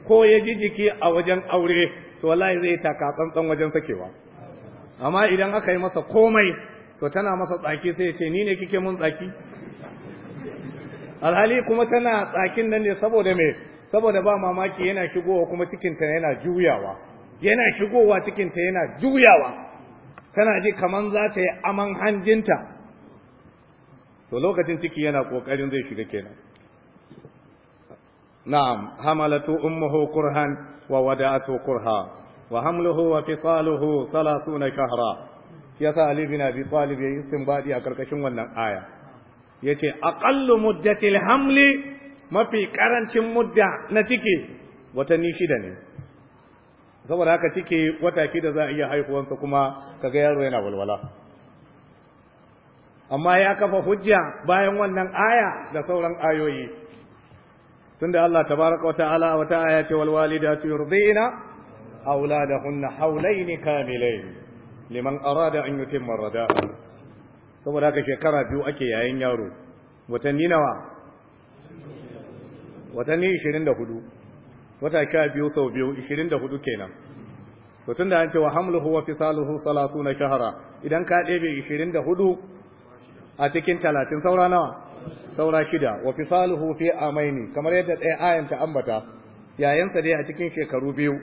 ko ya ji jiki a wajen aure to wallahi zai taka tsantsan wajen sakewa amma idan aka yi masa komai to tana masa tsaki sai ya ce ni ne kike mun tsaki alhali kuma tana tsakin nan ne saboda me saboda ba mamaki yana shigowa kuma cikinta yana juyawa yana shigowa cikinta yana juyawa tana ji kaman za ta yi aman hanjinta to lokacin ciki yana kokarin zai shiga kenan na'am hamalatu ummuhu kurhan wa wada'atu kurha wa hamluhu wa fisaluhu 30 shahra yasa ali bin abi talib sun badi a karkashin wannan aya yace aqallu muddatil hamli mafi karancin mudda na ciki watanni shida ne saboda haka ciki wata shida za a iya haihuwansa kuma kaga yaro yana walwala amma ya kafa hujja bayan wannan aya da sauran ayoyi tunda Allah tabaraka wa ta'ala wata aya ce wal walidatu yurdina auladahunna hawlayn kamilain liman arada an yutimma rada'a saboda haka shekara biyu ake yayin yaro watanni nawa watanni 24 wata sha biyu sau biyu 24 kenan to tunda an ce wa hamluhu wa fisaluhu na shahara idan ka ɗebe 24 a cikin 30 saura nawa saura shida wa fisaluhu fi amaini kamar yadda ɗaya ayan ta ambata yayansa dai a cikin shekaru biyu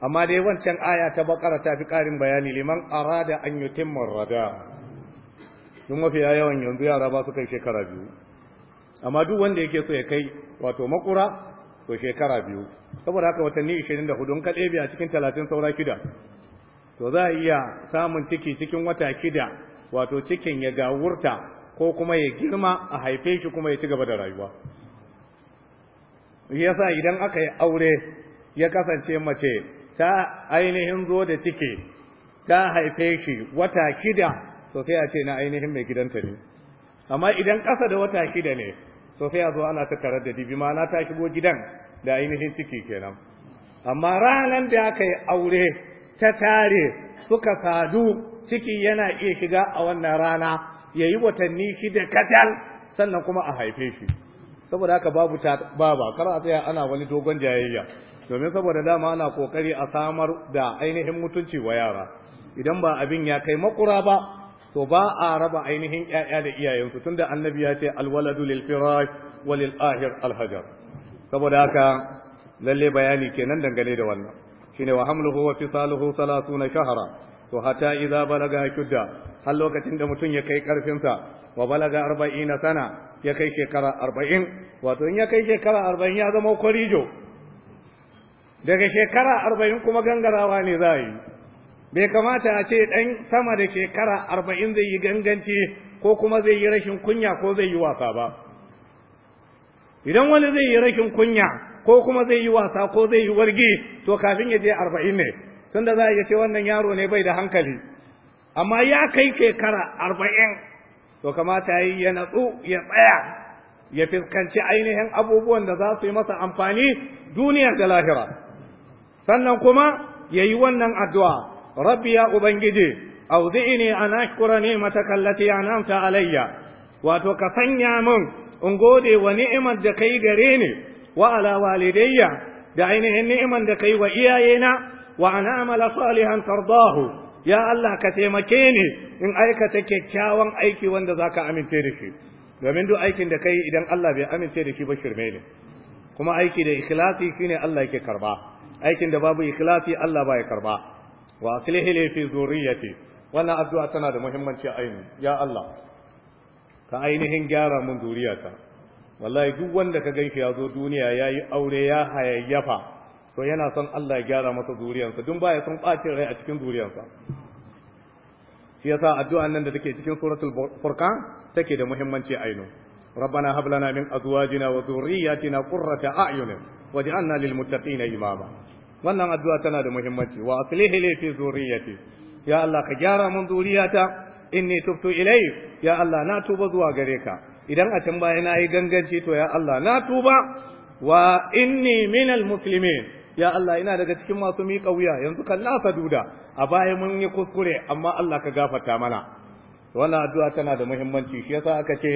amma dai wancan aya ta bakara ta fi ƙarin bayani liman arada an yutimma rada don mafi yawan yanzu yara ba su kai shekara biyu amma duk wanda yake so ya kai wato makura to shekara biyu saboda haka watanni 24 ka ɗebe a cikin 30 saura kida to za a iya samun ciki cikin wata kida wato cikin ya gawurta ko kuma ya girma a haife shi kuma ya ci gaba da rayuwa yasa idan aka yi aure ya kasance mace ta ainihin zo da ciki ta haife shi wata kida sosai a ce na ainihin mai gidanta ne amma idan ƙasa da wata kida ne to sai a zo ana ta tarar da dibi ma'ana ta shigo gidan da ainihin ciki kenan amma ranar da aka yi aure ta tare suka sadu ciki yana iya shiga a wannan rana ya yi watanni shi da kacal sannan kuma a haife shi saboda haka babu ta baba kar a tsaya ana wani dogon jayayya domin saboda dama ana kokari a samar da ainihin mutunci wa yara idan ba abin ya kai makura ba to ba a raba ainihin ƴaƴa da iyayensu tunda annabi ya ce alwaladu lil firash wa lil ahir al hajar saboda haka lalle bayani kenan dangane da wannan shine wa hamluhu wa fisaluhu 30 shahra to hatta idza balaga kudda har lokacin da mutum ya kai karfinsa wa balaga 40 sana ya kai shekara 40 wato in ya kai shekara 40 ya zama kwarijo daga shekara 40 kuma gangarawa ne za yi bai kamata a ce ɗan sama da shekara arba'in zai yi ganganci ko kuma zai yi rashin kunya ko zai yi wasa ba idan wani zai yi rashin kunya ko kuma zai yi wasa ko zai yi wargi to kafin ya je arba'in ne tun da za a ce wannan yaro ne bai da hankali amma ya kai shekara arba'in to kamata yi ya natsu ya tsaya ya fuskanci ainihin abubuwan da za su yi masa amfani duniya da lahira sannan kuma ya yi wannan addu'a rabbi ya ubangiji auzi'ini an ashkura ni'mataka ya an'amta alayya wato ka sanya min in gode wa ni'imar da yi gare ni wa ala da ainihin ni'imar da yi wa iyayena wa an amala salihan tardahu ya Allah ka taimake ni in aikata kyakkyawan aiki wanda zaka amince da shi domin duk aikin da kai idan Allah bai amince da shi ba shirme ne kuma aiki da ikhlasi shine Allah yake karba aikin da babu ikhlasi Allah baya karba wa aslihi li fi ce. wannan addu'a tana da muhimmanci a ainihi ya Allah ka ainihin gyara mun zuriyata wallahi duk wanda ka ganshi ya zo duniya yayi aure ya hayayyafa so yana son Allah ya gyara masa zuriyarsa dun baya son ɓace rai a cikin zuriyarsa shi yasa addu'a nan da take cikin suratul furqan take da muhimmanci ainu ربنا هب لنا من ازواجنا وذرياتنا قرة اعين واجعلنا للمتقين اماما wannan addu'a tana da muhimmanci wa aslihi li fi zurriyyati ya Allah ka gyara mun zuriyata inni tubtu ilayhi ya Allah na tuba zuwa gare ka idan a can baya na yi ganganci to ya Allah na tuba wa inni minal muslimin ya Allah ina daga cikin masu miƙa wuya yanzu kan nasa duda a baya mun yi kuskure amma Allah ka gafarta mana wannan addu'a tana da muhimmanci shi yasa aka ce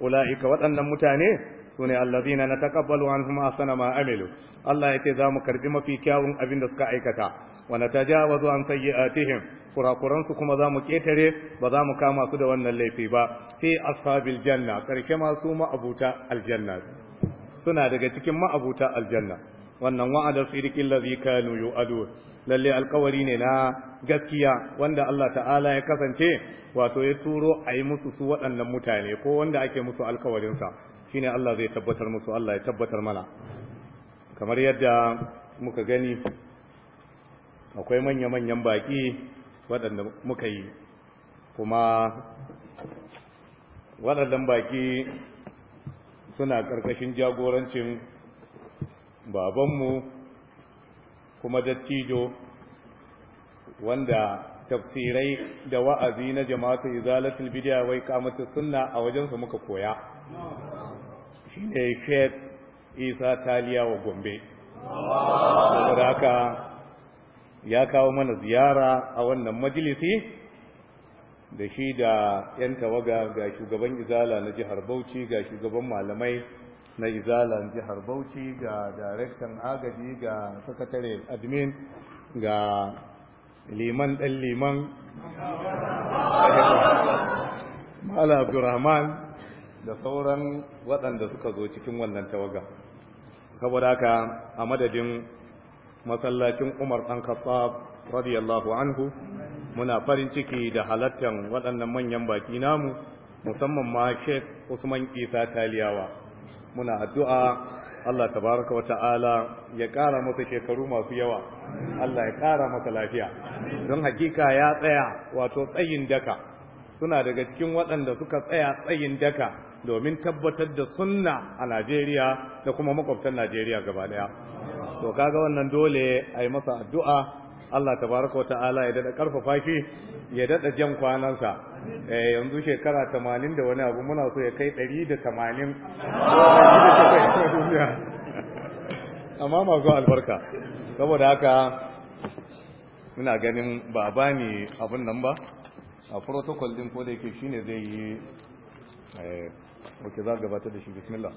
ulaika waɗannan mutane sune allazina nataqabbalu anhum ahsana ma amilu Allah yace za mu karbi mafi kyawun abin da suka aikata wa natajawazu an sayyi'atihim kurakuran su kuma za mu ketare ba za mu kama su da wannan laifi ba fi ashabil janna karshe masu su aljanna suna daga cikin ma aljanna wannan wa'adar sirikin lazi kanu yu'adu lalle alkawari ne na gaskiya wanda Allah ta'ala ya kasance wato ya turo a yi musu su waɗannan mutane ko wanda ake musu alkawarinsa shine Allah zai tabbatar musu Allah ya tabbatar mana kamar yadda muka gani akwai manya-manyan baki waɗanda muka yi kuma waɗannan baƙi suna ƙarƙashin jagorancin babanmu kuma dattijo wanda tafsirai da wa'azi na jama'atu izalatul bid'a wai kamata sunna a wajensu muka koya shi ne shek isa taliya wa gombe saboda haka ya kawo mana ziyara a wannan majalisi da shi da 'yan tawaga ga shugaban izala na jihar bauchi ga shugaban malamai na izala na jihar bauchi ga daraktan agaji ga sakatare admin ga liman ɗan liman mala abdurrahman da sauran waɗanda suka zo cikin wannan tawaga saboda haka a madadin masallacin Umar ɗan Khattab radiyallahu anhu muna farin ciki da halattar waɗannan manyan baki namu musamman ma Sheikh Usman Isa Taliyawa muna addu'a Allah tabaraka wa ta'ala ya ƙara masa shekaru masu yawa Allah ya ƙara masa lafiya don hakika ya tsaya wato tsayin daka suna daga cikin waɗanda suka tsaya tsayin daka domin tabbatar da sunna a Najeriya da kuma makwabtan Najeriya gaba daya to kaga wannan dole a yi masa addu'a Allah tabaraka wa ta'ala ya dada karfafa shi ya dada jan kwanansa eh yanzu shekara tamanin da wani abu muna so ya kai ɗari da tamanin. amma masu albarka saboda haka muna ganin ba ba ni abin nan ba a protocol din ko da yake shine zai yi eh, ok za a gabatar da shi bismillah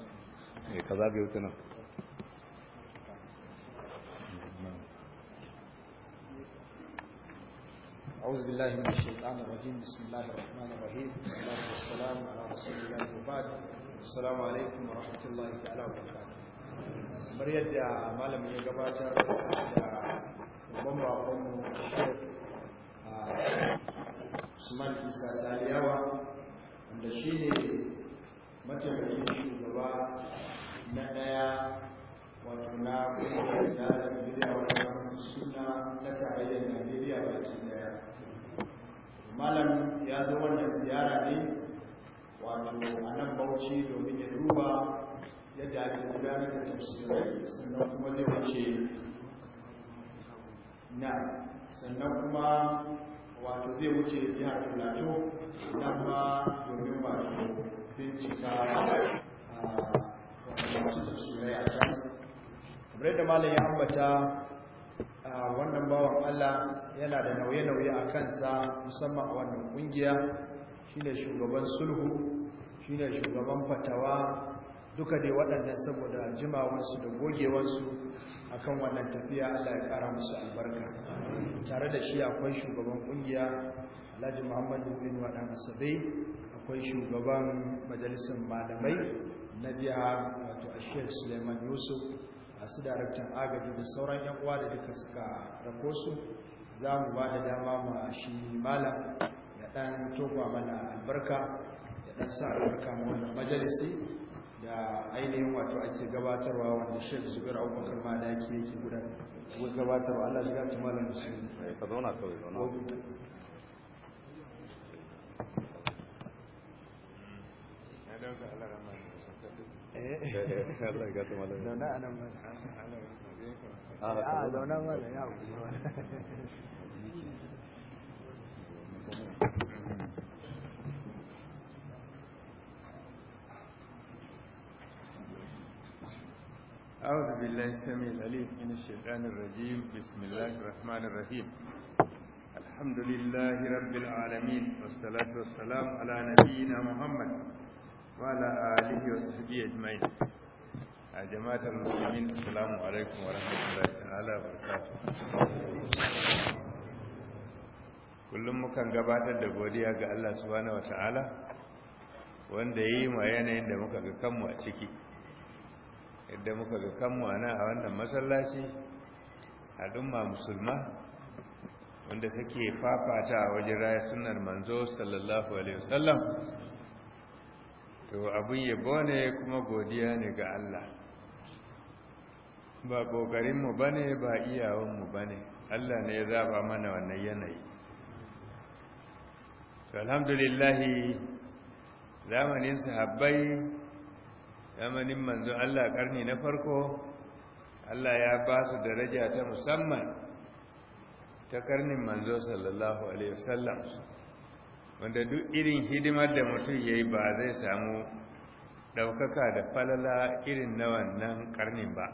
eh, ka zagaye wuta nan أعوذ بالله من الشيطان الرجيم بسم الله الرحمن الرحيم والصلاة ala, على wa kamar yadda malamin ya gabatar da babban bakonmu Usman Isa Daliyawa wanda shi mataimakin shugaba na ɗaya wato na kungiyar da su bidiya na suna na tarayyar najeriya baki daya malam ya zo wannan ziyara ne wato a nan bauchi domin ya duba yadda ake gudanar da tafsirai sannan kuma zai wuce na sannan kuma wato zai wuce jihar plateau na ma domin wato bincika masu a can kamar da malam ya ambata wannan bawan Allah yana da nauye-nauye a kansa musamman a wannan kungiya ne shugaban sulhu shi ne shugaban fatawa duka dai waɗannan saboda jimawansu da gogewansu akan wannan tafiya Allah ya ƙara musu albarka tare da shi akwai shugaban kungiya Alhaji Muhammadu bin waɗanda sabai. akwai shugaban majalisar malamai na jiha wato ashir suleiman yusuf masu daraktan agaji da sauran yan uwa da duka suka rako su za mu ba da dama ma shi malam ya dan tofa mana albarka ya dan sa albarka ma majalisi da ainihin wato ake gabatarwa wanda shek zubar abubakar ma da ake yake gudan gabatarwa allah shiga ta malam musulmi ka zauna kawai zauna أعوذ بالله السميع العليم من الشيطان الرجيم بسم الله الرحمن الرحيم الحمد لله رب العالمين والصلاة والسلام على نبينا محمد وعلى آله وصحبه أجمعين يا جماعة المسلمين السلام عليكم ورحمة الله تعالى وبركاته kullum mukan gabatar da godiya ga Allah subhanahu ta'ala wanda yi ma yanayin da muka ga kanmu a ciki yadda muka ga kanmu a nan a wannan masallaci al'umma musulma wanda suke fafata wajen raya sunnar manzo sallallahu alaihi wasallam to abin yabo ne kuma godiya ne ga Allah ba ƙoƙarinmu ba ne ba iyawanmu ba ne Allah ne ya zaba mana wannan yanayi to alhamdulillahi zamanin sahabbai zamanin manzo Allah karni na farko Allah ya ba su daraja ta musamman ta karnin manzo sallallahu alaihi wasallam wanda duk irin hidimar da mutum ya ba zai samu ɗaukaka da falala irin na wannan ƙarnin ba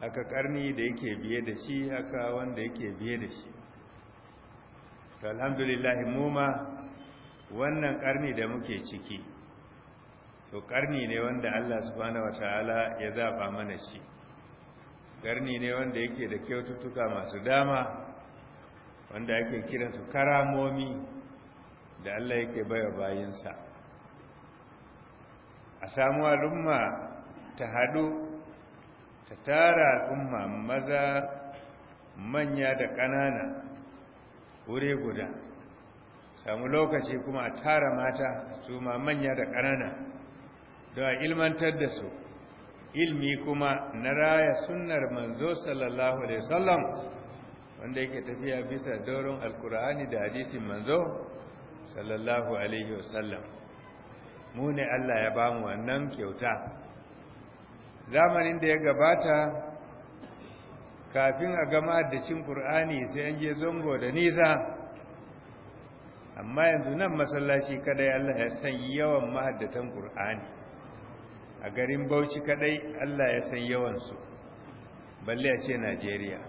haka ƙarni da yake biye da shi haka wanda yake biye da shi alhamdulillah alhamdulillahi, muma, wannan ƙarni da muke ciki to ƙarni ne wanda Allah wa ta'ala ya zaɓa mana shi ƙarni ne wanda yake da kyaututtuka masu dama wanda ake kiransu karamomi da Allah yake baya bayinsa a samu al'umma ta hadu, ta tara al'umma maza manya da ƙanana wuri guda samu lokaci kuma a tara mata su ma manya da ƙanana don a ilmantar da su ilmi kuma na raya sunar manzo sallallahu alaihi wasallam wanda yake tafiya bisa doron alkur'ani da hadisin manzo sallallahu alaihi wasallam mu ne Allah ya ba mu wannan kyauta zamanin da ya gabata kafin a gama da cin sai an je zango da nisa amma yanzu nan masallaci kadai Allah ya san yawan mahaddatan ƙur'ani a garin bauchi kadai Allah ya san yawansu balle a ce najeriya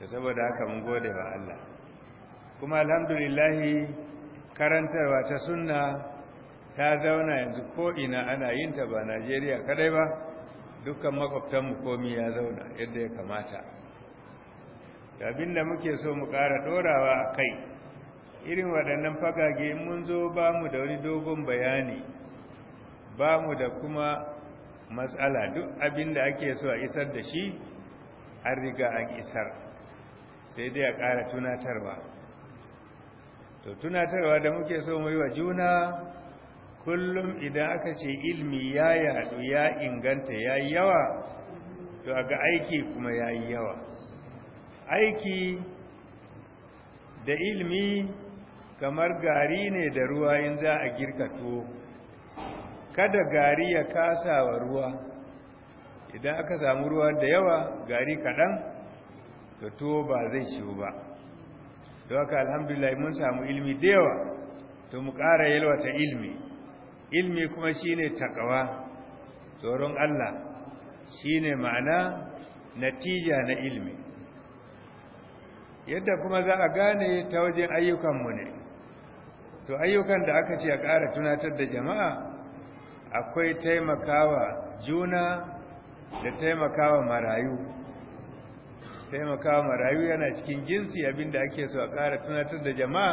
da saboda haka mun gode wa Allah kuma alhamdulillahi karantarwa ta sunna ta zauna yanzu ko'ina ana yin ta ba najeriya kadai ba dukkan makwabtanmu komi ya zauna yadda ya kamata abin da muke so mu ƙara ɗorawa a kai irin waɗannan fagage mun zo ba mu da wani dogon bayani ba mu da kuma matsala duk abin da ake so a isar da shi an riga an isar sai dai a ƙara tunatarwa to tunatarwa da muke so mu yi wa juna kullum idan aka ce ilmi ya yadu ya inganta ya yi yawa to ga aiki kuma ya yi yawa aiki da ilmi kamar gari ne da ruwa in za a girka tuwo kada gari ya kasa wa ruwa idan aka samu ruwa da yawa gari kaɗan to tuwo ba zai shi ba to haka alhamdulillah mun samu ilmi da yawa to mu ƙara yalwata ilmi ilmi kuma shine taƙawa, tsoron Allah shine ma'ana natija na ilmi yadda kuma za a gane ta wajen ayyukanmu ne to ayyukan da aka ce a ƙara tunatar da jama'a akwai taimakawa juna da taimakawa marayu taimaka marayu yana cikin jinsi abinda ake so a ƙara tunatar da jama'a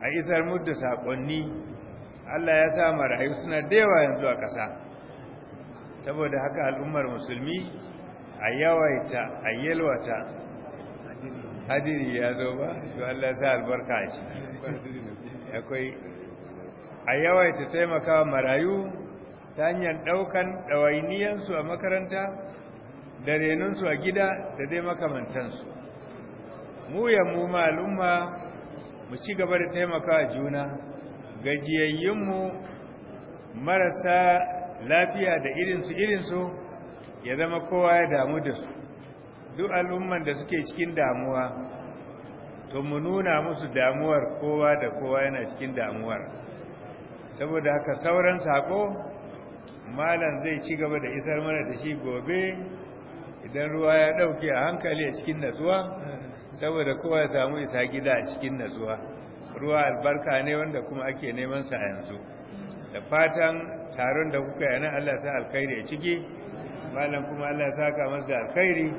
a isar mudda saƙonni Allah ya sa ma rayu suna da yawa yanzu a ƙasa saboda haka al'ummar musulmi a yawaita a yalwata hadiri ya zo ba to Allah ya sa albarka a ciki. akwai a yawaita taimaka marayu ta hanyar ɗaukan ɗawainiyansu a makaranta da renunsu a gida da dai makamantansu mu yammu malumma mu ci gaba da taimaka juna gajiyayyunmu marasa lafiya da irinsu irinsu ya zama kowa ya damu da su duk al'umman da suke cikin damuwa to mu nuna musu damuwar kowa da kowa yana cikin damuwar saboda haka sauran sako malam zai ci gaba da isar mana da shi gobe idan ruwa ya ɗauke a hankali a cikin natsuwa saboda kowa ya samu isa gida a cikin natsuwa ruwa albarka ne wanda kuma ake neman sa yanzu da fatan taron da kuka yana Allah sa alkhairi a ciki malam kuma Allah ya saka masa da alkhairi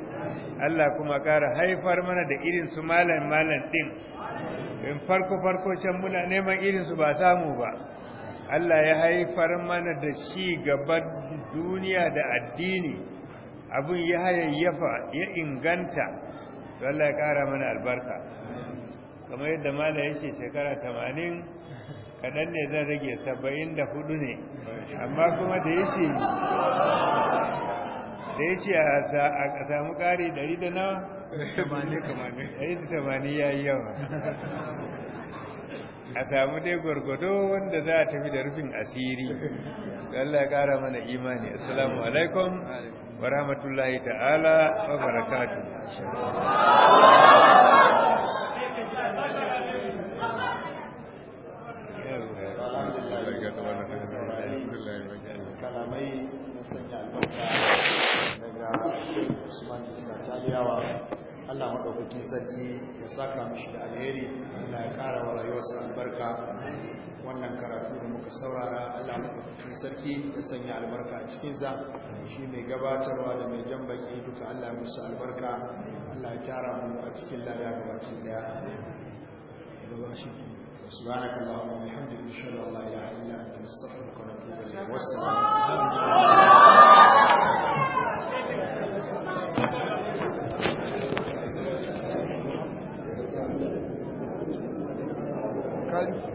Allah kuma ƙara haifar mana da irin su malam malam din in farko farko can muna neman irin su ba samu ba Allah ya haifar mana da shi gaban duniya da addini abin ya hayayyafa ya inganta Allah ya kara mana albarka kamar yadda mala ya ce shekara tamanin kaɗan ne zan rage 74 da ne amma kuma da ya ce da ya ce a samu ƙari ɗari da nawa? yi da tamani ya yi yawa a samu dai gwargwado wanda za a tafi da rufin asiri Allah ya ƙara mana imani assalamu alaikum wa rahmatullahi ta'ala wa barakatuh kalamai na sanya albarka Allah maɗaukakin sarki ya saka mashi da alheri Allah ya ƙara wa rayuwarsa albarka wannan karatu da muka saurara Allah madaukakin sarki ya sanya albarka a cikinsa shi mai gabatarwa da mai jan baki duka Allah ya musu albarka Allah ya tara mu a cikin lada gabaki daya سبحانك اللهم وبحمدك نشهد ان لا اله الا انت نستغفرك ونتوب اليك والسلام عليكم